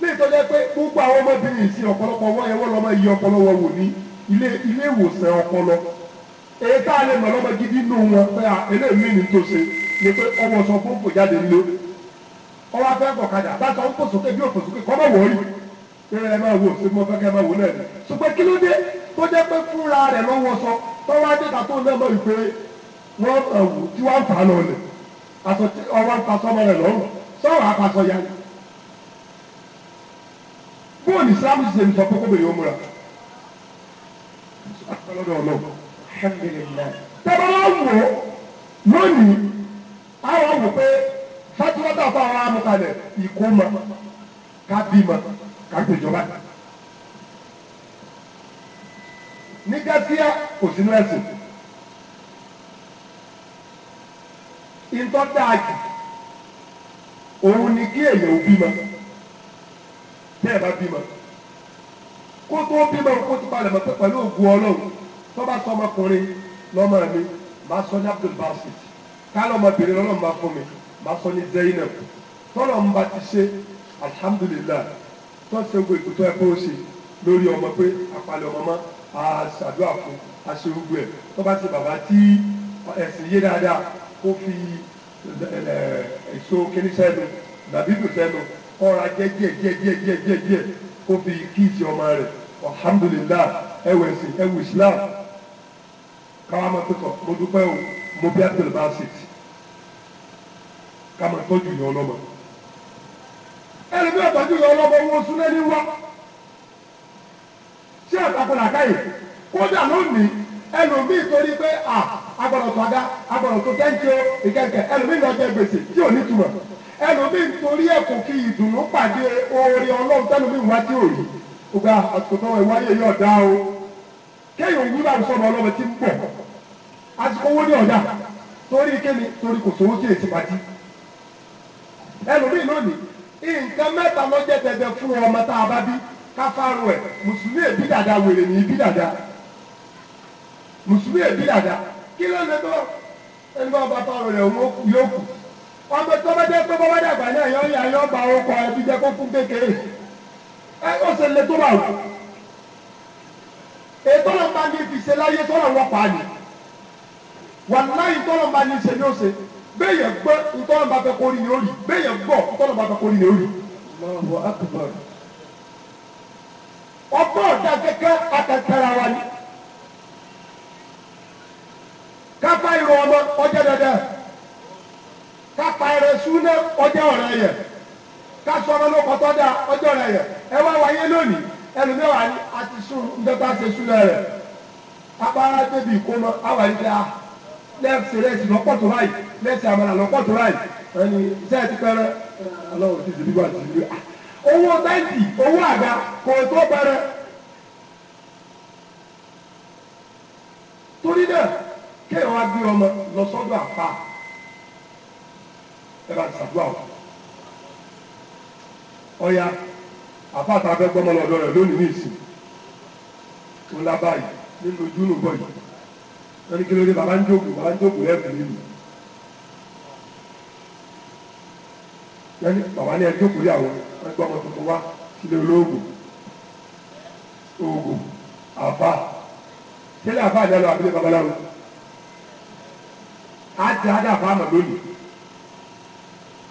ní ìtọ́jà pé gbogbo àwọn ọmọbìnrin sí ọ̀pọ̀lọpọ̀ wọ́n yẹn wọ́n lọ́mọ iye ọpọlọ wọn wò ní ilé ìwòsàn ọpọlọ èyí tá a lè mọ̀ lọ́mọ gidi nù wọn pé à eléyìí ní tó ṣe ni pé ọmọ sọ fún kò jáde nílé ọwọ́ afẹ́ kọ̀kadà bàtà ń kò sókè bí òkò sókè kọ́mọ wọ̀ọ́rì ìrìn ẹ̀ máa wò sí mọ́ fẹ́kẹ́ máa wò náà ni ṣùgbọ́n kí ló dé tó jẹ́ pé fúnra rẹ̀ lọ́wọ́ sọ tọ́wọ́ adéta tó lẹ́mọ ìpè wọ́n tí wọ́n ń fà á àtọ̀ ọwọ́ ń fa sọ́mọ rẹ̀ lọ́rùn sọ́wọ́ àpasọ̀ yára islam ṣe nǹkan kókó bẹ̀rẹ̀ òmùra akọlọ́dọ̀ ọlọ́wọ́ tẹ́lẹ̀ wò lónìí àwọn wò pé fatiwọ́tà fún àwọn amúkalẹ̀ ìkómọ kábímọ kápẹjọba ní gàtíà kò sí lẹ́sìn ìtọ́dáàjì òun ni kí èèyàn ò bímọ ma, ẹ bá ma kó tó bímọ kó ti palẹ̀ mọ́ pẹ̀lú ògùn ọlọ́run tó bá tọ́ ọmọkùnrin lọ́mọ mi máa sọ ní Abdul Basit kálọ̀ ọmọbìnrin lọ́lọ́run bá fún mi máa sọ ní Zainab tọ́lọ̀ ń bá ti ṣe alhamdulillah tó ṣe gbogbo ètò ẹ̀kọ́ ṣe lórí ọmọ pé àpalẹ̀ ọmọ mọ́ a ṣàdúrà fún aṣerúgbó ẹ̀ tó bá ṣe bàbá tí ẹ̀sìn yé dáadáa kó fi èso kíní sẹ́nu nàbí dùn sẹ́nu kọ́ra jẹ́ díẹ̀ díẹ̀ díẹ̀ díẹ̀ díẹ̀ díẹ̀ kó fi kíìtì ọmọ rẹ̀ alhamdulillah ẹwẹ̀ sí ẹwù islam káwọn máa pẹ̀tọ̀ mo dúpẹ́ o mo bí apple basket ká máa tọ́jú ìyẹn ọlọ́mọ ẹlòmíràn tọ́jú ìyẹn ọlọ́mọ wọn sún lẹ́ni wá ṣé àtàkùn làkàyè kódà lónìí. ẹlòmíì torí pé a agbọ̀dọ̀ tọ́gá agbọ̀dọ̀ tó kẹ́ńtì ìkẹ́kẹ́ ẹlòmíì lọ́jọ́ gbèsè tí ò ní túmọ̀ ẹlòmíì torí ẹ̀ kò ìdùnnú pàdé oore ọlọ́run tẹ́lòmíì wá tí ò ọgbà àtúntò yóò dá o kéèyàn òwú bá sọ̀rọ̀ ọlọ́run ti ń bọ̀ àsìkò owó ní ọ̀dà torí kéèmí torí kò sówó tí èsì bá dí lónìí nǹkan mẹ́ta lọ́jẹ́ tẹ̀tẹ̀ fún ọmọ tá a bá mùsùlùmí èbí dàda kí ló ń tó ẹni bá bàtà ọ̀rọ̀ rẹ̀ yóò kù ọmọ tó bá jẹ́ pé bọ́ bá dàgbà náà yọ ya yọ ba ọkọ̀ ẹbí jẹ́ kó kún kékeré ẹ ó ṣe lè tó bá wù ètò ọ̀rọ̀ bá ní fi se láyé tó ọ̀rọ̀ wọ́pàá ni wà láyé tó ọ̀rọ̀ bá ní ṣe ní ọ̀ṣẹ́ bẹ́ẹ̀ yẹ gbọ́ ntọ́nà bá fẹ́ kórìí ni ó rí bẹ́ẹ̀ yẹ gbọ́ ntọ́nà bá fẹ́ kórìí ni ó rí. ọgbọ́n ọ̀dà kẹ́kẹ́ àtẹ̀tẹ̀ra wa ni kápá ìrò ọmọ ọjọ́ dandan kápá ẹrẹ súná ọjọ́ ọ̀rẹ́ yẹ kásọ ọmọ ló kọ́tọ́ dá ọjọ́ ọ̀rẹ́ yẹ ẹ wá wáyé lónìí ẹlòmíwàá ni a ti sún ndọ́gba ṣe súná rẹ̀ abára débi ìkómọ àwárí dáa lẹ́ẹ̀sì rẹ̀ sì lọ́pọ̀tò ráì lẹ́ẹ̀sì àmàlà lọ́pọ̀tò ráì ẹni iṣẹ́ ti pẹ́rẹ́ ọlọ́run ti dìbò àti ìlú owó bẹ́ǹtì owó àga kò tó pẹ́rẹ́ torí náà kéèyàn wá gbé ọmọ lọ sọ́dọ̀ àpá ẹ bá ṣàdúrà o ọ̀ya àpá àtàfẹ́ gbọ́mọ lọ́dọ̀ rẹ̀ lónìí ní o tó lábá yìí nínú dúnú bọ̀ yìí lórí kí ló dé bàbá ń jókòó bàbá ń jókòó lẹ́ẹ̀kọ́ nínú lẹ́ni bàbá ní ẹjọ́ kò rí àwọn ẹgbẹ́ ọmọ tuntun wá sílé olóògùn oògùn àbá sílé àbá àjálù àbílẹ̀ babaláwo àti àdá àfàmà lónìí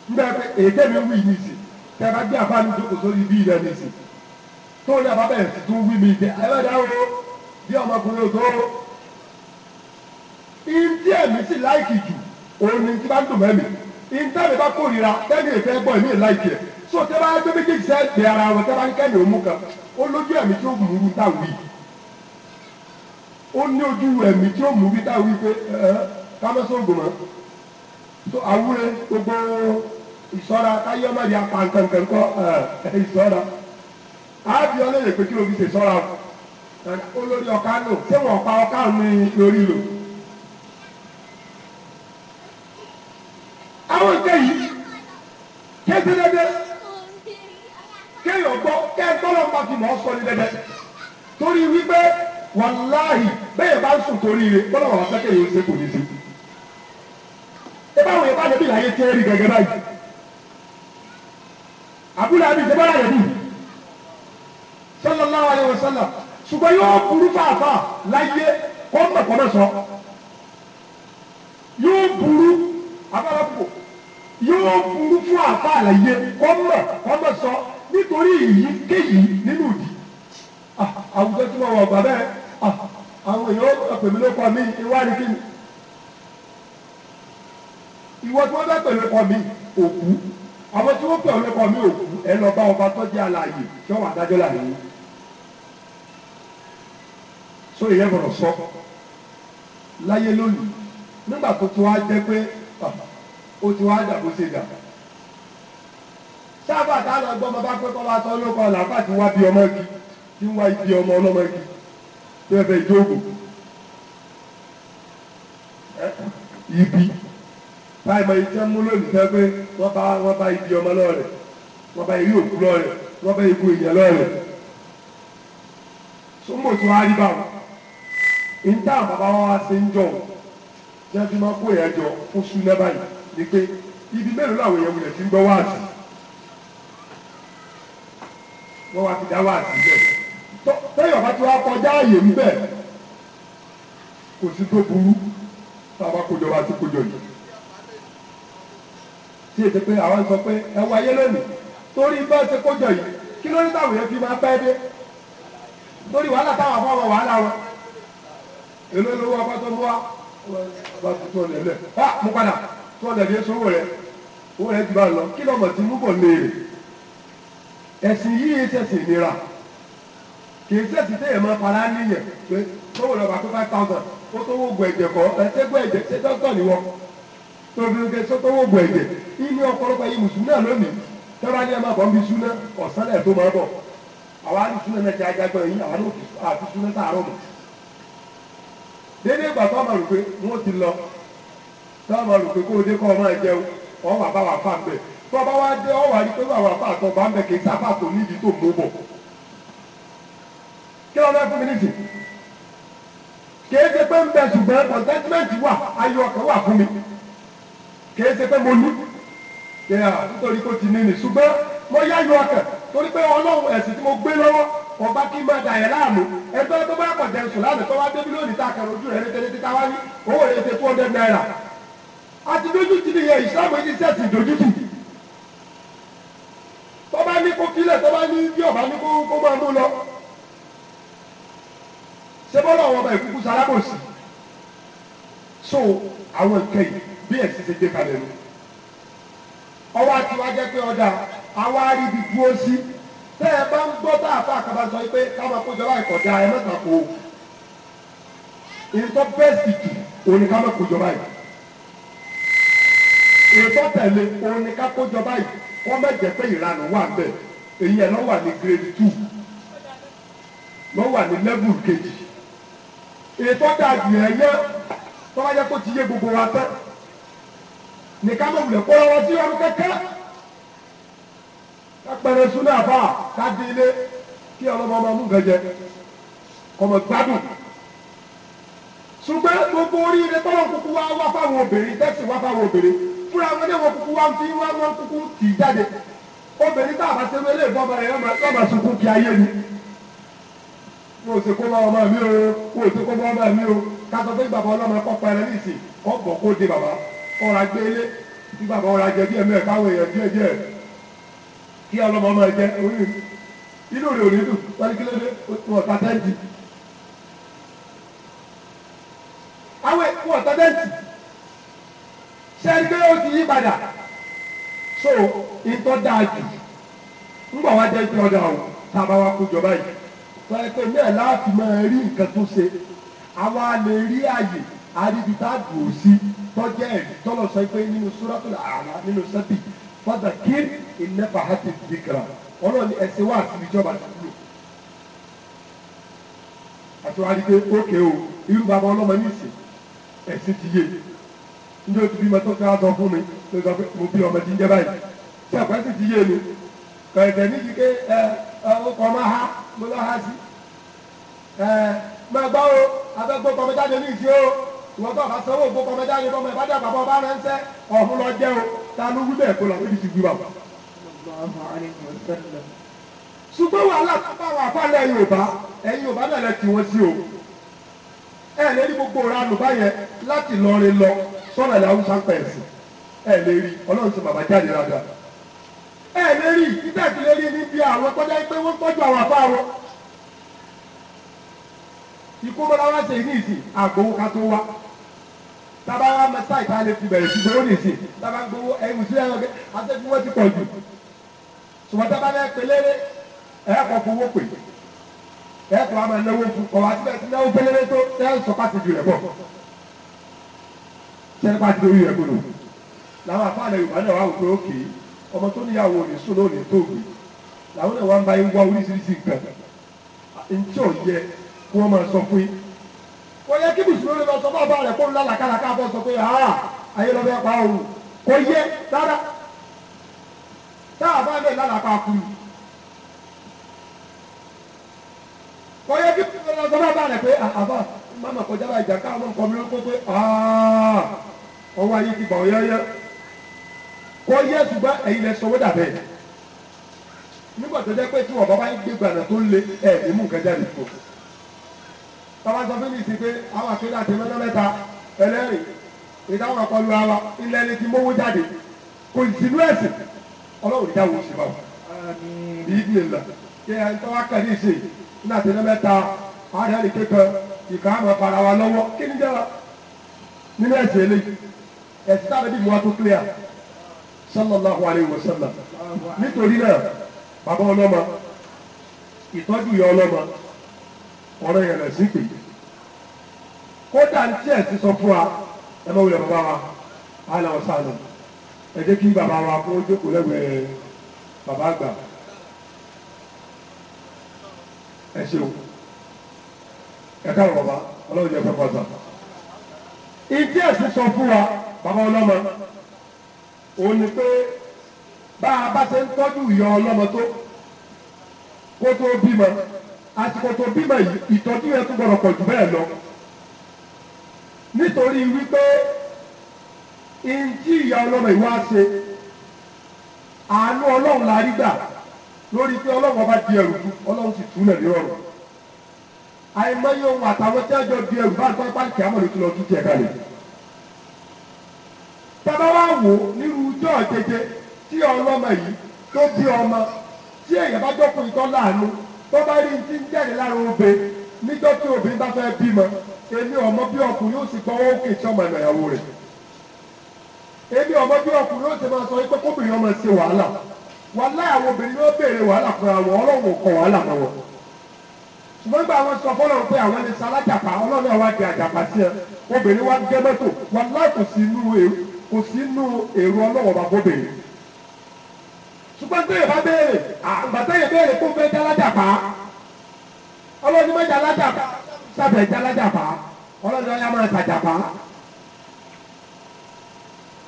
nígbà èké mi wí ní ìsìn tẹ bá gbé àfàmì tó kò sórí bí ìrẹ ní ìsìn tó ní àbábẹ ẹsìn tó wí mi ìdẹ ẹlẹdà o bí ọmọkùnrin ò tó o ìdí ẹ̀mí sì láìkì jù òun ni tí bá ń dùn mẹ́mi ìdí ẹ̀mí bá kórìíra tẹ́lẹ̀ ìfẹ́ bọ̀ ẹ̀mí láìkì ẹ̀ so tẹ́ bá gbé méjèèjì sẹ́ gbé ara wọn tẹ́ bá ń kẹ́ni òmu kan ó lójú ẹ̀mí tí mú un táwí ó ní ojú ẹ̀mí tí mú un táwí pé ẹ̀ẹ́ kámẹ́sọ̀gùn mọ́ tó àwúre gbogbo ìṣọ́ra káyọ̀ má di apankankan kọ́ ìṣọ́ra àbí ọlẹ́yìn pé kí ló fi ṣe ṣọ́ra o olórí ọ̀ká nù ṣé wọ́n pa ọ̀ká mi lórí lò. àwọn nǹkan yìí kéde dẹ́dẹ́ kéèyàn gbọ́ kẹ́ẹ̀tọ́ lọ́n bá fi mọ̀ ọ́ sọ ní dẹ́dẹ́ torí wípé wàláhì bẹ́ẹ̀ bá ń sùn torí rẹ̀ bọ́lá wà á fẹ́ kéèyàn ṣe kò ní í ṣe ṣé báwo yẹn bá lè bí láyé tẹ́ rí gẹ́gẹ́ báyìí àbúrò àbí ṣe bá láyé bí sallallahu alaihi wasallam ṣùgbọ́n yóò burú fàáfà láyé kó mọ̀ kọ́ mọ̀ sọ yóò burú abáwọ̀pọ̀ yóò burú fún àfà láyé kó mọ̀ kọ́ mọ̀ sọ nítorí èyí kéyìí nínú ìdí ah, àwùjọ tí wọn wọ bàbá ẹ àwọn èèyàn ọpẹ mi ló kọ mí ìwádìí kí ni ìwọ tí wọ́n bá pẹ̀lú ẹ̀kọ́ mi òkú àwọn tí wọ́n pẹ̀lú ẹ̀kọ́ mi òkú ẹ lọ bá ọba tó jẹ́ alààyè tí wọ́n wà dájọ́ láàyè yìí so ìyẹn gbọ́dọ̀ sọ láyé lónìí nígbà tó ti wá jẹ́ pé ah, ó ti wá dàgbò ṣe dà sábà tá a lọ gbọ́ ọmọ bá pẹ́ kọ́ bá sọ lóko àlàáfà tí wá bí ọmọ igi tí wá ibi ọmọ ọlọ́mọ igi tí wọ́n fẹ́ ìjókòó ibi táìmọ̀ ìjọ mú lónìí fẹ́ pé wọ́n bá wọ́n bá ibi ọmọ lọ́rẹ̀ wọ́n bá ilé òkú lọ́rẹ̀ wọ́n bá ikú ìyẹn lọ́rẹ̀ sọ́mọ̀ tó wá rí báwọn níta bàbá wa ṣe ń jọ jẹ́ bí wọ́n kó ìyẹn jọ fún súnlẹ̀ báyìí ni pé ibi mélòó làwọn èèyàn wulẹ̀ ti ń gbọ́ wáàsì wọ́n wá ti dá wáàsì bẹ́ẹ̀ tẹ́yọ̀ bá ti wá kọjá àyè ń bẹ̀ kò sí tó burú tá a bá kójọ wá sí kójọ yìí tí èsì pé àwọn sọ pé ẹ wọ ayé lónìí torí bá ṣe kójọ yìí kí lórí táwọn èèyàn fi máa pẹ́ dé torí wàhálà táwọn afọ àwọn wàhálà wọn èlò lówó ọba tó lówó ọba tó tó lẹ̀ lẹ̀ bá mo padà tó lẹ̀ lé sówó rẹ̀ owó rẹ̀ ti bá lọ kí lọ́mọ̀ tí mú bọ̀ léèrè e? ẹ̀sìn yìí ṣẹ̀sìn ìnira kì í ṣẹ̀sìn téèyàn máa para níyẹn pé sówó lọ́ba tó five thousand ó tó wó gbọ̀ kọ́ ẹ̀ ṣẹ́gbọ̀ ẹ̀jẹ̀ ṣẹ́ dọ́tọ̀ ni wọ́n tọ́gbẹ́gbẹ́ sọ́tọ́wọ́ bọ̀ ẹ̀jẹ̀ ilé ọ̀pọ̀lọpọ̀ yìí mùsùlùmí náà lónìí tọ́ra ní ẹ máa bọ̀ ń bi súná ọ̀sán ẹ̀ tó máa bọ̀ àwa ní súná náà jáde agbọ́ yìí àwa ní àti súná sàárọ̀ mọ̀ dédé ìgbà tó máa rò pé wọ́n ti lọ tó máa rò pé kó o dé kọ́ ọ máa o ọ wà bá wà fà ń bẹ̀ tó bá wá dé ọ wà ní pé wà wà fà tó bá ń bẹ̀ kì í sáfà tó níbi tó mú bọ̀ kí ló fẹ́ fún mi nísìn kì í ṣe pé ń bẹ ṣùgbọ́n consentment wà ayọ̀ ọ̀kẹ́ wà fún mi kìí ṣe pé mo ní ìyá nítorí kó ti ní ní ṣùgbọ́n mo yáyọ ọkàn torí pé ọlọ́run ẹ̀sìn tí mo gbé lọ́wọ́ ọba kí n máa dà yẹn láàmú ẹgbẹ́ tó bá pọ̀ jẹun sùn lánàá tó wá débi lónìí tá a kàn ojú rẹ̀ létẹ́lé títa wá ní owó rẹ̀ ṣe four hundred naira àti dójútì nìyẹn ìsìlámù yìí ṣẹ̀sì dójútì tó bá ní kó kílẹ̀ tó bá ní bí ọba ní kó máa mú lọ ṣé bọ́lá ọba ìkúkú sálábòsì so àwọn ìkẹyìn bí èsì ti dé kalẹ̀ lọ. ọwọ́ àti wá jẹ́ pé ọjà àwa rí ibi dúró sí tẹ́ ẹ bá ń gbọ́ tá àfa àkàbà sọ pé káwọn àkójọba ìkọ̀dá ẹ mẹ́ta kò ìtọ́ bẹ́ẹ̀sì jù òun ni ká má kójọba yìí ìtọ́ tẹ̀lé òun ni ká kójọba yìí wọ́n bẹ̀ jẹ́ pé ìranù wà ń bẹ̀ èyí ẹ̀ lọ́wọ́ ní grade two lọ́wọ́ ní level kejì ètò dàbí ẹ̀yẹ tọ́wájẹ́ kó ti yé gbogbo wa tán nìkan mọ̀ wulẹ̀ kọ́lọ́wọ́ tí wọn kẹ́kẹ́ lápẹ̀rẹ̀ súnú àbá káàdì ilé kí ọlọ́mọ ọmọ mú nǹkan jẹ kọ́mọ gbádùn ṣùgbọ́n gbogbo oríire tọ́lọ̀ kúkú wá wá fáwọn obìnrin tẹ́sí wá fáwọn obìnrin fúnra wọn ní wọn kúkú wá ń fi wá wọn kúkú tì jáde obìnrin tá a bá ṣe wọlé ìbọn rẹ yọọ máa sunkún kí ayé ni mo ò sì kó bá ọmọ mi o mo ò sì kó bá ọmọ mi o ká sọ pé ọlọ́mọ ẹ̀kọ́ pẹrẹ ní kọ́ bọ̀ kó di bàbá ọ̀rá gbélé tí bàbá ọ̀rá jẹ díẹ̀ mẹ́ẹ̀ káwọn èèyàn díẹ̀ díẹ̀ kí ọlọ́mọ máa jẹ orí inú rẹ̀ ò ní dùn wọ́n ní kí ló dé wọ́n ta tẹ́ǹtì. awẹ́ wọ́n ta tẹ́ǹtì sẹ́ni pé ó ti yí padà so ìtọ́ dáa jù ńgbà wá jẹ́ ìtọ́ dáa o tá a bá wá kó jọba yìí pé mẹ́ẹ̀ láàfin máa rí nǹkan tó ṣe àwa lè rí àyè àríbítàgò sí tọ́jẹ́ ẹ̀rí tọ́lọ̀ sọ pé nínú suratul A'la nínú sẹ́bì fadakir ìnẹ́fà àti dìkìrà ọlọ́ọ̀ni ẹ̀sìn wà síbi ìjọba àdúgbò àti wàá rí pé ókè o irú bàbá ọlọ́mọ ní ìsìn ẹ̀sìn ti yé ndé o ti bí mẹtọ́ fẹ́ azọ fún mi ló sọ pé mo bí ọmọ ti ń jẹ báyìí tí ẹ̀kọ́ ẹ̀sìn ti yé mi kẹ̀kẹ́ ní ti ẹ ẹ ọkọ̀ máa ha mo lọ́ ha sí ẹ mẹ o abẹ́gbọ́ kọ́mọ́jáde ìwọ́n tó ọ̀bá sanwó ògbó kọ́mọ jáde bọ́mọ ìbá dàgbà bọ́ ọba ránṣẹ́ ọ̀hún lọ jẹ́ o ta ló wí bẹ́ẹ̀ kó lọ níbi ti gbúra. ṣùgbọ́n wàhálà tó bá wà fálẹ̀ Yorùbá ẹ̀yin Yorùbá náà lẹ ti wọ́n sí o ẹ̀ lè rí gbogbo ranù báyẹn láti lọrin lọ sọ́nà ilẹ̀ haúsá pẹ̀sì ẹ̀ lè rí ọlọ́run ti bàbá jáde rádà ẹ̀ lè rí títà ìdílé rí níbi àwọn kọjá pé wọ́n tọ́jú àwọn àbá wọn ikú wá ṣe ní ìsìn àgbòwò ká tó wá tábà wà mẹ́ta ìta lè fi bẹ̀rẹ̀ sí gbowó nìsí tábà gbowó ẹ̀yìn sí ẹ̀yìn ọ̀gẹ́ atẹ́gbowó ti pọ̀ jù ṣùgbọ́n tábà bẹ́ẹ̀ pelére ẹ̀ẹ́kọ̀ eh, fowó pè ẹ̀ẹ́kọ̀ eh, àmà náwó fún ọ̀wá tí bẹ́ẹ̀ ti náwó pelére tó ẹ̀ẹ́ sọ pàṣẹ jù rẹ̀ bọ̀ sẹ́ni pàṣẹ lórí rẹ̀ gbòòrò làwọn àfáàlẹ̀ Yorùbá náà wà wò pé ókè ọmọ tó níyàwó ní sóló ní tóògì làwọn náà wà ń bá yín wá oríṣiríṣi nǹkan ntí ò yẹ kí wọ́n máa sọ fún yín kò yẹ kí mùsùlùmí lọ sọ bàbá rẹ̀ kó ń lálàkàlà káàbọ̀ sọ pé ha ayé lọ bẹ́ẹ̀ pa òun kò tá a bá bẹ̀ lálàpá kú ni. kò yẹ kí mùsùlùmí lọ sọ bàbá rẹ̀ pé ah, àbá mama kọjá bá ìjà káwọn kọ mi ló kó pé ah, ọwọ́ ayé ti bọ̀ yẹ́yẹ́ kò yẹ ṣùgbọ́n ẹ̀yin lẹ sọ wọ́dà bẹ́ẹ̀ nígbà tó jẹ́ pé tí wọ́n bá bá ń gbé gbàdà tó le ẹ̀ẹ́dì mú nǹkan jáde fún tọ́wọ́ sọ fún mi sí pé àwọn àkéwà ti mẹ́tọ́ mẹ́ta ẹlẹ́rìí ìdáhùn àkọlù ara ilẹ̀ ẹni tí mówó jáde kò sínú ẹ̀sìn ọlọ́run ìdáhùn òsì báwò yìí di èlò kí ẹ tọ́wọ́ kàn ní ìsè ní àtẹnẹ́ mẹ́ta àárẹ̀ kékan ìkà àmọ́ para wa lọ́wọ́ kí ni jẹ́ wa nínú ẹ̀sìn eléyìí ẹ̀sìn táwọn ẹbí mu wa tó clear sallallahu alayhi wa sallam nítorí náà bàbá ọlọ́mọ ìtọ́jú ìyá ọlọ́mọ ọ̀rọ̀ yẹn rẹ̀ sí pèjì kódà ní tí ẹ̀ ti sọ fún wa ẹ bá wulẹ̀ bàbá wa àlọ́ sàlọ̀ ẹ jẹ́ kí bàbá wa kó jókòó lẹ́gbẹ̀ẹ́ bàbá àgbà ẹ ṣeun ẹ káàrọ̀ bàbá ọlọ́run jẹ́ pẹ́pẹ́ ọ̀sán ìdí ẹ̀ ti sọ fún wa bàbá ọlọ́mọ òun ni pé bá a bá ṣe ń tọ́jú ìyá ọlọ́mọ tó kó tó bímọ àsìkò tó bímọ yìí ìtọ́jú yẹn tún gbọ́dọ̀ pọ̀ jù bẹ́ẹ̀ lọ nítorí wípé ìjì ìyá ọlọ́mọ ìwá ṣe àánú ọlọ́run la rí gbà lórí pé ọlọ́run ọba di ẹrù fún ọlọ́run sì túlẹ̀ nírọ̀rùn àìmọye ohun àtàwọn tí a jọ di ẹrù bá ń tọ́ báńkì àmọ̀lẹ́ tó lọ tún tiẹ̀ kalẹ̀ bàbá wa wò nírú ijó ọ̀jẹ̀jẹ̀ tí ọlọ́mọ yìí tó bí ọmọ tí èèyàn bá jọ́kùnrin tó láàánú tó bá rí ti ń jẹ́rìí lára obìnrin níjọ́ tí obìnrin bá fẹ́ bímọ èmi ọmọ bí ọkùnrin ó sì gbọ́wọ́ òkè tí ọmọ ìyàwó rẹ̀ èmi ọmọ bí ọkùnrin ó sì máa sọ pé kóbìnrin ọmọ ṣe wàhálà wàhálà àwọn obìnrin ló béèrè wàhálà fún àwọn ọlọ́run kọ wàhálà fún wọn ṣùgbọ́n nígbà àwọn sọ fọlọ́run pé àwọn ẹni sálájàpá ọlọ́run àwọn àti àjàpá sí ẹ obìnrin wa gẹ́ wàhálà kò sí inú èrò ọlọ́run bá bóbìnrin ṣùgbọ́n tó yẹ bá béèrè àgbàtà yẹ béèrè kó fẹ́ jalaja pa ọlọ́ni má jalaja sábẹ̀ jalaja pa ọlọ́ni ọ̀yà máa tàjà pa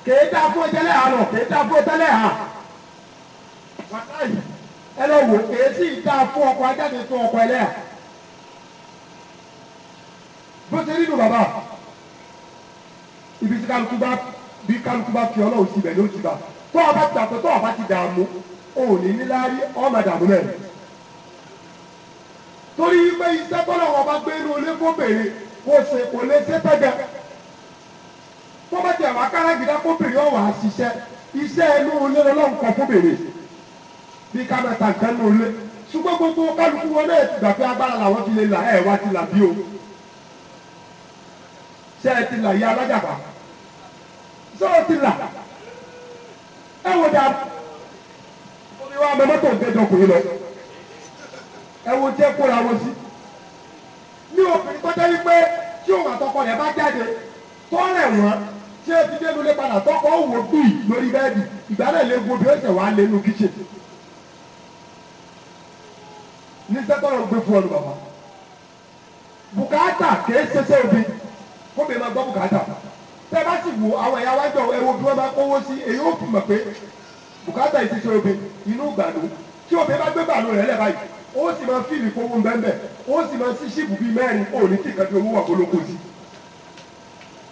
kèé dá fún ọjọ́lẹ̀ hà lọ kèé dá fún ọjọ́lẹ̀ hà wàtáyì ẹ lọ wò kèé sì dá fún ọkọ̀ ajáde fún ọkọ̀ ẹlẹ́yà bó ṣe rí nu bàbá ibi tí kálukú bá bí kálukú bá fi ọlọ́run síbẹ̀ ló ti bàbá tó ọba ti dàtọ̀ tó ọba ti dààmú òní níláárí ọmọ dààmú náà torí pé iṣẹ́ tọ́lá wọn bá gbé inú ilé kó béèrè kó ṣe kò lè ṣe tẹ́gẹ̀ tó bá ti àwọn akáragídá kó béèrè ọ̀wà àṣìṣe iṣẹ́ inú ilé lọ́lọ́run kan kó béèrè bí ká máa ta nǹkan inú ilé ṣùgbọ́n gbogbo kálukú wọn náà ti gbà pé agbára làwọn ti lè là ẹ̀ wá ti là bí o ṣé ẹ ti là yí alájàpá ṣé ẹ ti là. ẹ wò dà omi wa mọ mọ́tò gbẹdọ̀ kò yi lọ ẹ wò jẹ́ kóra wọn sí ní obìnrin tó jẹ́ wípé tí òun àtọkọ rẹ̀ bá jáde tọ́lẹ̀ wọ́n tí tọkọ òwò lórí bẹ́ẹ̀dì ìgbàlẹ̀ lé ní sẹ́tọ̀rọ̀ gbé fún bàbá bùkátà kó mi máa sì wò àwọn ẹ̀yà wájọ ẹ̀wọ̀ bí wọ́n bá kówó sí èyí ó fìmọ̀ pé bùkátà ìṣiṣẹ́ obì inú gbàdú tí obì bá gbé gbàdú rẹ̀ lẹ́bàá yìí ó sì máa fíìlì kówó ń bẹ́ẹ̀ ó sì máa sí ṣíìpù bíi mẹ́rin ó ní tìkan bí owó wà kólókó sí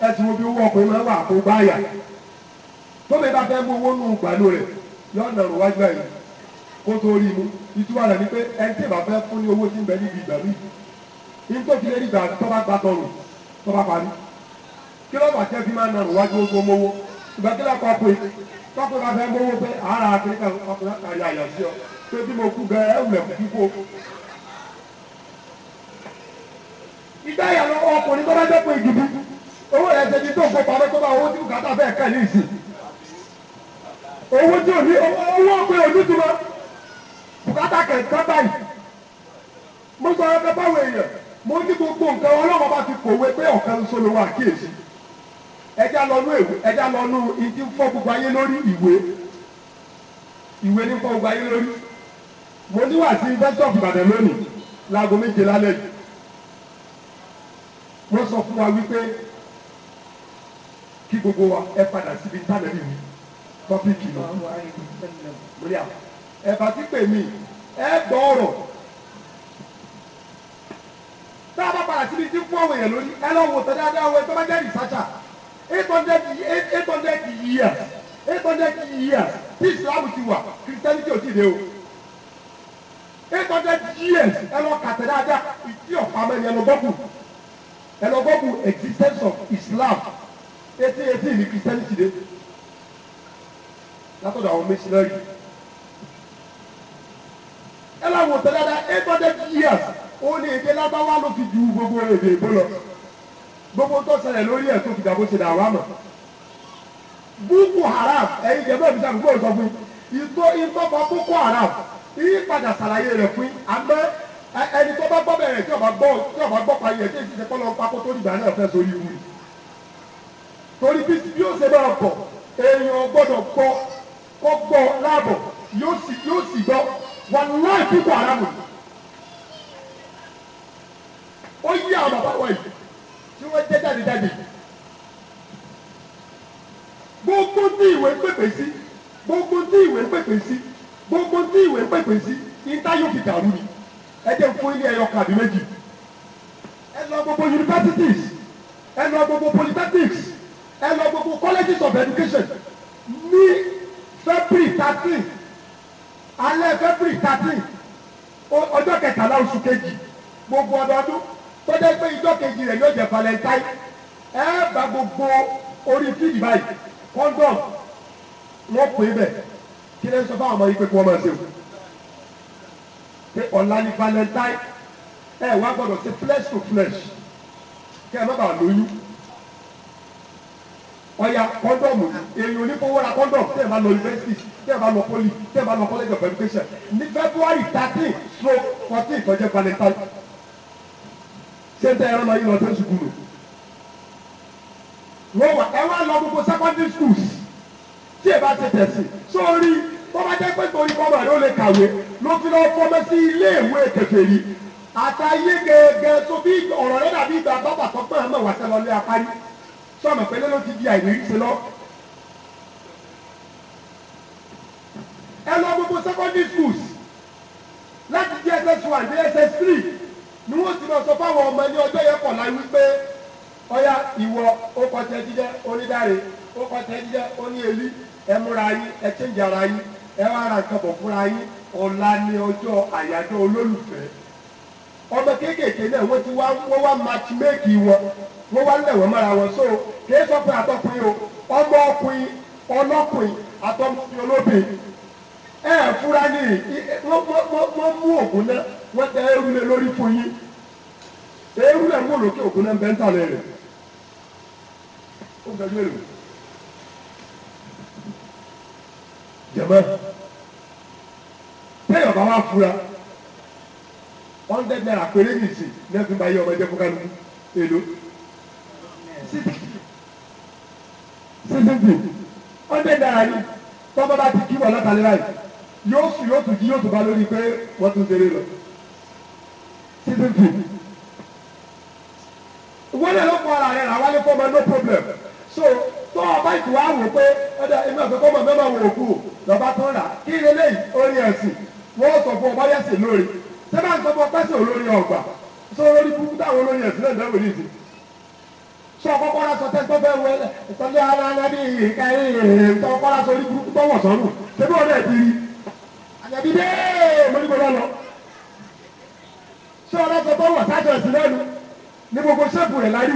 ẹ ti wo bí owó ọkùnrin máa wà kó báyà tóbi bá fẹ́ mú owó nù gbàdú rẹ̀ yọ̀ọ̀nà rò wájú ẹ̀ kó tó rí mu ìtura rẹ̀ ni pé ẹni tí kí ló bàtẹ́ fi máa nàrò wájú ogbó mowó ìgbà kí lóò kọ́kùn yìí kọ́kùn náà fẹ́ mowó pé ara àkíríkà ọkùnrin àtàrí àyà sí ọ pé bí mo kú gan ẹ wùlẹ̀ kú kíkó. ìgbà ìyàwó ọkùnrin tó bá jẹ́ pé ìdìbò owó rẹ̀ ṣe ti tó fọ pamọ́ tó bá owó tí bùkátà fẹ́ kẹ́ ní ìsìn. owó tí ò ní owó pé onítùmọ̀ bùkátà kẹ̀kẹ́ báyìí mo sọ ẹ mo ní gbogbo nǹkan ọlọ́wọ́ bá ti kòwé pé ọ̀kan ṣoṣo ló wà kíyèsí ẹja lọ́nú ìwé ẹja lọ́nú ìdí fọ́ gbogbo ayé lórí ìwé ìwé ní fọ́ gbogbo ayé lórí mo ní wà sí bẹ́tọ̀ Ìbàdàn lónìí láago méje lálẹ́ yìí wọ́n sọ fún wa wípé kí gbogbo wa ẹ padà síbi tánàbí mi tọ́pìkì náà lórí àwọn ẹ̀bà tí pè mí ẹ gbọ́ ọ̀rọ̀ tá a bá padà síbi tí fún àwọn èèyàn lórí ẹ lọ́wọ́ tó dáadáa wọ ẹ tó bá jẹ́ eight hundred eight hundred years eight hundred years tí Islam ti wà Christianity ò ti dé o eight hundred years ẹ lọ kàtẹ́ dáadáa ìdí ọ̀pá mẹ́rin ẹ lọ gbọ́kù ẹ lọ gbọ́kù existence of Islam eighteen eighteen ni Christianity dé látọ̀dọ̀ àwọn missionary ẹ lọ wò tẹ́ dáadáa eight hundred years ó ní èdè lábáwá ló fi ju gbogbo èdè ìbò lọ gbogbo tó ṣẹlẹ̀ lórí ẹ̀ tó fi dàbò ṣe dàwọ́ àmọ̀ Boko Haram ẹ̀yin jẹ́ bẹ́ẹ̀ bisá gbogbo ìsọ fún ìtò ìtọ́fọ́ Boko Haram yí padà ṣàlàyé rẹ̀ fún àmọ́ ẹni tó bá gbọ́ bẹ̀rẹ̀ tí ọba gbọ́ tí ọba gbọ́ pa yẹ tí èsì ṣẹpọ́ lọ pákó tó dìgbà náà fẹ́ sórí wù torí bí bí ó ṣe máa bọ̀ èèyàn gbọ́dọ̀ gbọ́ kó gbọ́ láàbọ̀ yóò sì yóò sì gbọ́ wàláì Boko Haram ó yí àwọn bàbá wa yìí tí wọ́n jẹ́ jáde-jáde gbogbo tí ìwé pèpè sí gbogbo tí ìwé pèpè sí gbogbo tí ìwé pèpè sí níta yóò fi dàrú ni ẹ jẹ́ fún ilé ẹyọ kàbí méjì ẹ lọ gbogbo universities ẹ lọ gbogbo polytechnics ẹ lọ gbogbo colleges of education ní February thirteen alẹ́ February thirteen ọjọ́ kẹtàlá oṣù kejì gbogbo ọdọọdún tó jẹ́ pé ijó kejì rẹ̀ yóò jẹ́ valentine ẹ bá gbogbo orí fídì báyìí condom wọ́n pè é bẹ̀ kí lẹ́nu sọ fún àwọn ọmọ yìí pé kí wọ́n máa ṣe o pé ọ̀la ni valentine ẹ wá gbọ́dọ̀ ṣe flesh to flesh kẹ́ ẹ má bàa lóyún ọ̀ya kọ́ndọ̀mù èyí onífowó ra kọ́ndọ̀mù tẹ́ ẹ bá lọ university tẹ́ ẹ bá lọ poli tẹ́ ẹ bá lọ college of education ní february thirteen stroke fourteen tó jẹ́ valentine ṣé tẹ ẹ̀rọ lọ yìí lọ tẹ sukulu wọ́n wà ẹ wá lọ gbogbo secondary schools tí ẹ bá ti tẹ̀sí sórí wọ́n bá jẹ́ pé torí kọ́mọ̀ ló lè kàwé ló fi lọ fọmọ sí iléèwé kèfèrí àtàyé gẹ́gẹ́ tó bí ọ̀rọ̀ rẹ̀ dàbí ìgbà bàbà tó pẹ́ ọmọ wà sẹ́lọ lé apárí sọ̀mọ̀ pẹ́lẹ́ ló ti di àìrírí sí lọ. ẹ lọ gbogbo secondary schools láti jẹ́ ss one dé ss three ni wọ́n ti máa sọ fáwọn ọmọ ní ọjọ́ yẹn kọ̀ láyé wípé ọ̀yá ìwọ ó kọ́ tẹ jíjẹ́ onídàre ó kọ́ tẹ jíjẹ́ oní èlí ẹ múra yín ẹ chéǹjì ara yín ẹ wá ra nǹkan bọ̀ fúnra yín ọ̀la ni ọjọ́ àyájọ́ olólùfẹ́ ọmọ kéékèèké náà wọ́n ti wá wọ́n wá matchmake wọn wá lẹ̀ wọ́n wọn so kì í sọ pé àtọkùnrin o ọmọ ọkùnrin ọlọ́kùnrin àtọkùnrin olóbìnrin ẹ ẹ fura ní wọ́n mú ògùn náà wọ́n tẹ ẹrú lé lórí fún yín ẹrú lẹ̀ mú lókè ògùn náà bẹ́ẹ̀ ń tà lẹ́rẹ̀ ó gbẹ́jú èrò jẹ̀mọ́ téèyàn bá wá fura hundred naira péré nìsí ní ẹ̀sìn báyìí ọmọ ẹ̀jẹ̀ fún kálukú èlò sísìtì hundred naira yìí tọ́gbọ́n bá ti kí wọ́n lọ́tàlẹ́ báyìí yóò yóò tún jí yóò tún bá lórí pé wọ́n tún délé lọ season two wọ́n lè lọ́kọ̀ ara rẹ̀ làwọn lè kọ́ no problem so tó o bá ìtura wò pé ọ̀dà ẹ̀mí ọ̀sán kọ́ ọmọ mẹ́ma wò ó kú lọ́ba tó ń rà kí ilé lẹ́yìn orí ẹ̀sìn wọ́n sọ fún ọba yẹ̀sìn lórí sẹ́fà ń sọ fún ọpẹ́sẹ̀ olórí ọgbà sọ olórí kúkú táwọn olórí ẹ̀sìn náà lẹ́wọ̀n ní ìsìn sọ kọ́kọ́ la sọ tẹ́tọ́ bẹ́ẹ̀ wẹ́lẹ̀ ìtọ́jú àjẹbí dé mọ́nìkọ́lá lọ sọ ọlọ́kọ̀ tó wọ̀ sájọ sí lẹ́nu ní gbogbo ṣẹ́ẹ̀pù rẹ̀ láyé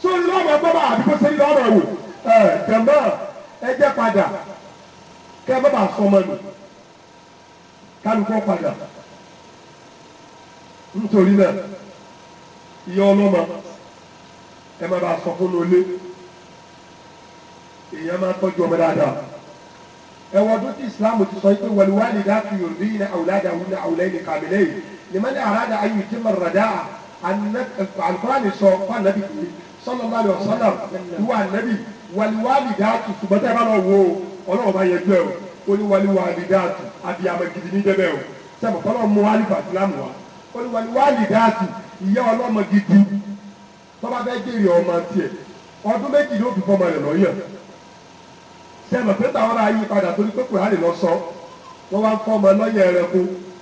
sọ lọ́mọ gbọ́dọ̀ àdúgbò sẹ́yìn lọ́rọ̀ wò ẹ̀ jẹ̀mbọ́ ẹ jẹ́ padà kẹ́ bọ́ sọmọ nù kálukọ́ padà nítorí náà ìyá ọlọ́mọ ẹ má bàa sọ fún un lólé èèyàn máa tọ́jú ọmọ dáadáa ẹ̀wọ̀n ọdún tí islam ti sọ pé wal walidatu yurdina awladahunna hawlayni kamilayn liman arada an yutimma ar-rida'a alukurani sọ fún anabi sallallahu alaihi wasallam ìwà anabi wal walidatu ṣùgbọ́n tẹ́ ẹ bá lọ wo ọlọ́wọ́ bá yẹ jẹ́ o ó ní wal walidatu abiyamọ gidi ní dẹ́bẹ̀ o sẹ́mi kọ́lọ́ mú alifa islamu wa ó ní wal walidatu ìyá ọlọ́mọ ṣe mọ̀ pé táwọn ará yí padà torí pé kùránì lọ sọ wọ́n wá ń kọ́ ọmọ lọ́yẹ̀ ẹranko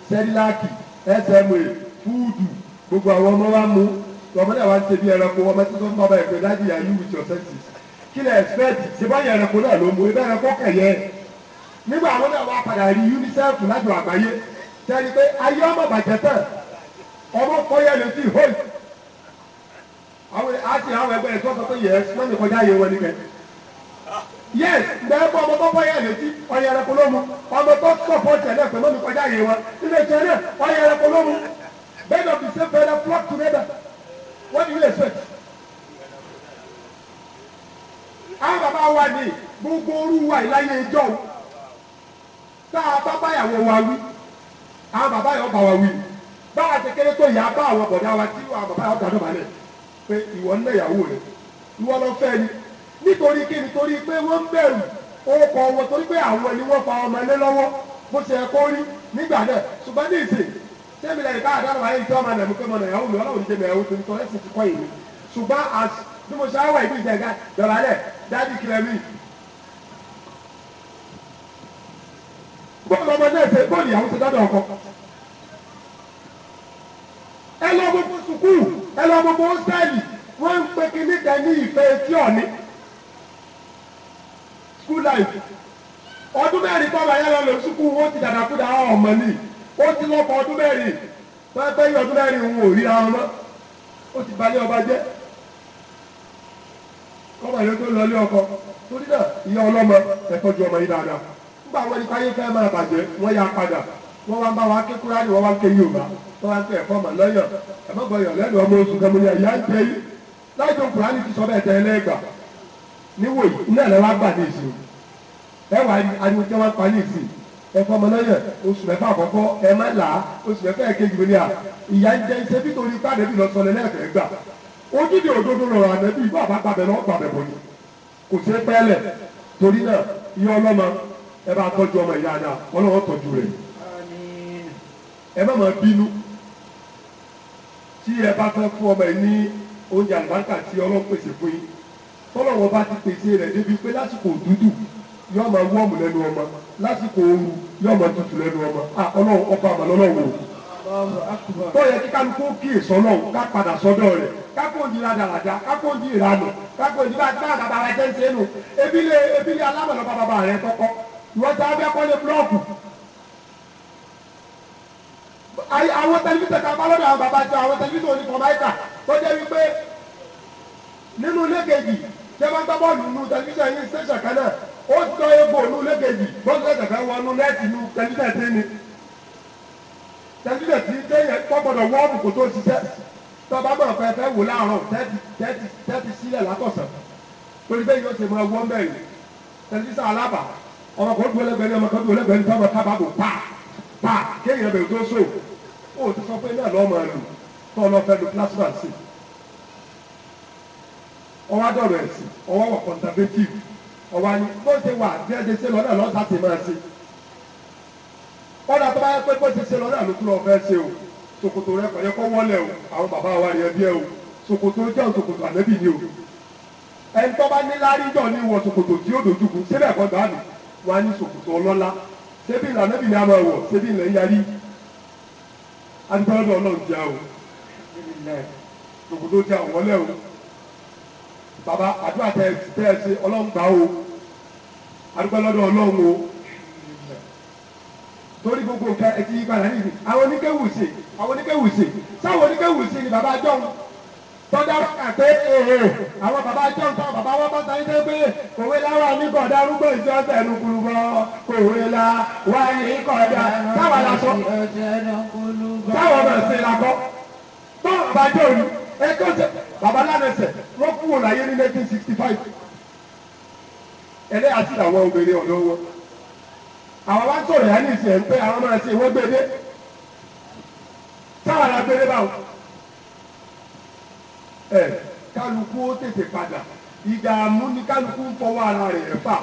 sẹ́ríláàkì SMA fúùdù gbogbo àwọn ọmọ wa mú ọmọ náà wá ń ṣe bí ẹranko ọmọ tí wọ́n bá ẹ̀pẹ́ dájú yà yú with your kí lè expect ṣe bá yẹ ẹranko náà ló mú ibẹ̀ ẹranko kẹ̀yẹ nígbà àwọn náà wá padà rí UNICEF lájọ àgbáyé sẹ́ni pé ayé ọmọ bàjẹ́ tán ọmọ kọ́yẹ́ lè fi hold àwọn àti àwọn ẹgbẹ́ ẹ̀ tó sọ pé yẹ ẹ́ yes bẹ́ẹ̀ bọ́ ọmọ tó bọ́ yà létí ọ̀yà rẹ̀ kò lómu ọmọ tó kọ̀ fọ́ tẹ̀lé pẹ̀lú mi kọjá yìí wọn ilé tẹ̀lé ọ̀yà rẹ̀ kò lómu bẹ́ẹ̀ náà fi ṣe fẹ́rẹ́ flock together what do you expect. àwọn bàbá wa ní gbogbo orú wa ìláyé ẹjọ́ o tá a bá báyàwó wa wí àwọn bàbá yẹn bá wa wí bá a ti kéré tó yà á bá àwọn bọ̀dá wa tí àwọn bàbá yẹn bá dọ̀ bá lẹ̀ pé ìwọ ń lẹ̀ yàwó rẹ̀ ìwọ lọ fẹ́ ni nítorí kí nítorí pé wọ́n ń bẹ̀rù orúkọ wọn torí pé àwọn ni wọ́n fa ọmọ ilé lọ́wọ́ bó ṣe kó rí nígbà náà ṣùgbọ́n ní ìsìn sẹ́mi lẹ́yìn káàdá àwọn ayé ìjọba náà mú pé mo nàyàwó mi ọlọ́run jẹ́ mi ẹ̀wọ̀n tó ń tọ́ ẹ̀sìn ti kọ́ ìlú ṣùgbọ́n as bí mo ṣe áwọ̀ ìlú ìjẹ̀gá dọ̀làlẹ̀ dáàdì kìlẹ̀mì. bóòlù ọmọ náà ṣe bóòlù ìyàwó ṣe dọ́dọ̀ ọkọ. ẹ lọ gbogbo sùkúù ẹ lọ gbogbo hósítẹ́ẹ̀lì wọ́n ń pe kinní kan ní ìfẹ́ etí ọ̀ní school life ọdún mẹ́rin bàbá yẹn lọ lọ sukú wọn ti dàdàkúdà àwọn ọmọ ni ó ti lọ́kọ̀ ọdún mẹ́rin pẹ́pẹ́ yìí ọdún mẹ́rin òun ò ríra wọn ó ti balẹ̀ ọba jẹ́ ọmọ yẹn tó lọ lé ọkọ torí náà ìyá ọlọ́mọ ẹ tọ́jú ọmọ yìí dáadáa nígbà wọn ni káyé fẹ́ máa bàjẹ́ wọ́n padà wọ́n wá ń bá wa ẹ wà ariwo tí wọ́n pa ní ìsìn ẹ fọmọ náà yẹ oṣù mẹ́fà àkọ́kọ́ ẹ má là á oṣù mẹ́fà ẹ̀kejì wọn ni à ìyá ń jẹ iṣẹ́ nítorí pàdébì lọ sọlẹ̀ lẹ́ẹ̀fẹ̀ gbà ojúde òdodo rọrọ ànábì ìgbà bá gbàbẹ̀ lọ́wọ́ gbàbẹ̀ bọ̀ ni kò sí pẹ́ẹ́lẹ̀ torí náà iye ọlọ́mọ ẹ bá tọ́jú ọmọ ìyá náà ọlọ́wọ́ tọ́jú rẹ̀ ẹ má máa bínú tí ẹ bá fẹ́ fún ọmọ yìí ní oúnjẹ àlùbáńkà tí ọlọ́run fún yín tọ́lọ́wọ́ bá ti pèsè rẹ̀ débi pé lásìkò òtútù yóò máa wọ́ọ̀mù lẹ́nu ọmọ lásìkò ooru yóò máa tutù lẹ́nu ọmọ ọlọ́run ọba àmàlọ́ ọlọ́run o tó yẹ kí kálukú kíyè sọ́lọ́ ká padà sọ́dọ̀ rẹ̀ kákó di ládàlàdà kákó di ìranù kákó di bá bàbá rẹ jẹ́ ń ṣe é nu ebile ebile alámọ̀lọ́ bàbá rẹ tọkọ ìwọ́n ta abẹ́ kọ́lé búlọ́ọ̀kù àwọn tẹlifíṣàn kan bá lọ́dọ̀ àwọn bàbá jọ àwọn tẹlifíṣàn onífọ̀máìkà tó jẹ́ wípé nínú ilé kejì tẹ́ bá gbá bọ́ọ̀lù nínú tẹlifíṣàn yìí ṣẹ̀ṣẹ̀ kan náà ó tọ́ egbò ònú lẹ́gẹ̀ẹ́jì bọ́sẹ̀ tẹ̀fẹ́ wọnú lẹ́ẹ̀tì nu tẹ̀lifẹ̀tì ni tẹ̀lifẹ̀tì tẹ̀yẹ tọ́gbọ̀dọ̀ wọ́ọ̀mù kò tó ṣiṣẹ́ tọ́ba gbọ́dọ̀ fẹ́ fẹ́ wò láàárọ̀ tẹ́tì tẹ́tì tẹ́tì sílẹ̀ látọ̀sán torí bẹ́ẹ̀ yóò ṣe máa wọ́n bẹ́ẹ̀ ni tẹ̀lifíṣàn alábà ọmọ kan dúró lẹ́gbẹ̀ẹ́ ní ọmọ kan dúró lẹ́gbẹ̀ẹ́ ní tọ́mọ tábàbò pa pa kéèyàn bẹ̀rù tó so ó ti sọ pé náà lọ́ọ́ máa lò tọ́ lọ fẹ́ lu plasma sí ọwọ́ adọ̀rọ̀ ẹ̀sìn ọwọ́ wọ̀ conservative ọ̀wá ni bó ṣe wà bí ẹni ṣe lọ náà lọ́sà ti máa ṣe kọ́dà tó bá yẹ pé bó ṣe ṣe lọ náà ló kú lọ fẹ́ ṣe o ṣòkòtò rẹ kọ̀yẹ kọ́ wọ́lẹ̀ o àwọn bàbá wa rẹ̀ bí ẹ o ṣòkòtò jẹ́ ṣòkòtò ànẹ́bì ni o ẹni tó bá ní láríjọ ní wọ ṣòkòtò tí ó dojúkú síbẹ̀ kọ́ dànù wọ́n á ní ṣòkòtò ọlọ́lá ṣébí ìlànẹ́bì ni a máa wọ̀ ṣébí ilẹ̀ yarí adúgbò ọlọ́run jẹ́ o ṣòkòtò agbọ́lọ́dọ̀ ọlọ́run o torí gbogbo nǹkan ẹtì yípadà nìyí àwọn oníkéwùsì àwọn oníkéwùsì sáwọn oníkéwùsì ni bàbá jọ̀hún tọ́jà rọ́kà pé ee àwọn bàbá jọ̀hún táwọn bàbá wọn bá sáyé dé pé òwe láwọn oníkọ̀ọ́dá arúgbó ìjọ tẹnu kúrúbọ òwe la wáyé ìkọ̀ọ́dá táwọn aláṣọ táwọn ọmọ ẹ̀sìn làkọ tó bàbá jọ̀hún ẹ̀kọ́ bàbá lánàá ẹsẹ̀ wọ́n kú wò láyé ní 1965. ẹlẹ́yà sí làwọn obìnrin ọ̀dọ́ wọn àwọn bá sọ̀rọ̀ yá ní ìsìn ń pẹ́ àwọn máa ṣe ìwé gbélé táwọn ẹ kálukú ó tètè padà ìdààmú ni kálukú ń fọwọ́ ara rẹ̀ fà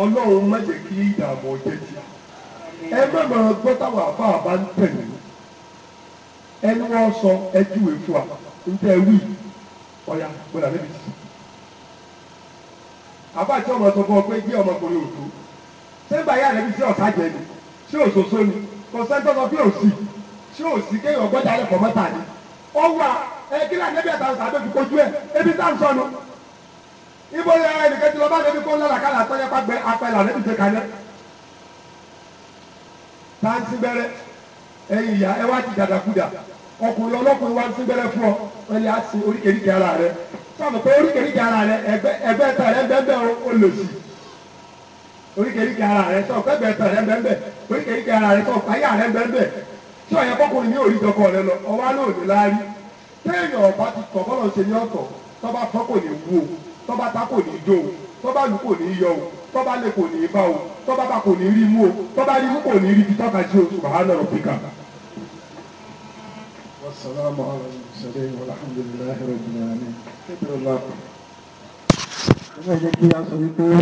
ọlọ́run má jẹ́ kí ìdààmú ọjẹ́ ti ẹ má máa gbọ́ táwọn àfa àbá ń ẹni wọ́n àbájọ ọmọ sọ fún ọ pé jí ọmọkùnrin òtó sẹ́ńbà yà lẹ́bi sí ọ̀sá jẹ ni ṣé òṣòṣo ni kò sẹ́ńtọ́ sọ pé òsì ṣé òsì kéèyàn gbọ́dọ̀ alẹ́ kọ̀mọ́tà ni ó wà ẹ̀kílà nẹ́bí ẹ̀ta ọ̀sà àbẹ̀fi kojú ẹ̀ ebi tá à ń sọnu ibo yẹ ẹnìkan ti lọ bá nẹ́bí kó lọ́la kálá tọ́jà pàgbẹ́ apẹ̀là tá sígbẹ́rẹ́ ìyá ẹ wá ti ọkùnrin ọlọ́kùnrin wá sọ̀rọ̀ pé kí ara rẹ ẹgbẹ́ tọ̀ rẹ bẹ́ẹ̀ olòṣì oríkèéríkèé ara rẹ sọ̀rọ̀ pé ẹgbẹ́ tọ̀ rẹ bẹ́ẹ̀ oríkèéríkèé ara rẹ sọ̀rọ̀ fáyà rẹ bẹ́ẹ̀ tí ọ̀yẹ́ kọ́kùnrin ní òrìjọkọ rẹ lọ ọwọ́ alẹ́ òní téèyàn ọba ti ṣe ní والسلام على المرسلين والحمد لله رب العالمين شكرا الله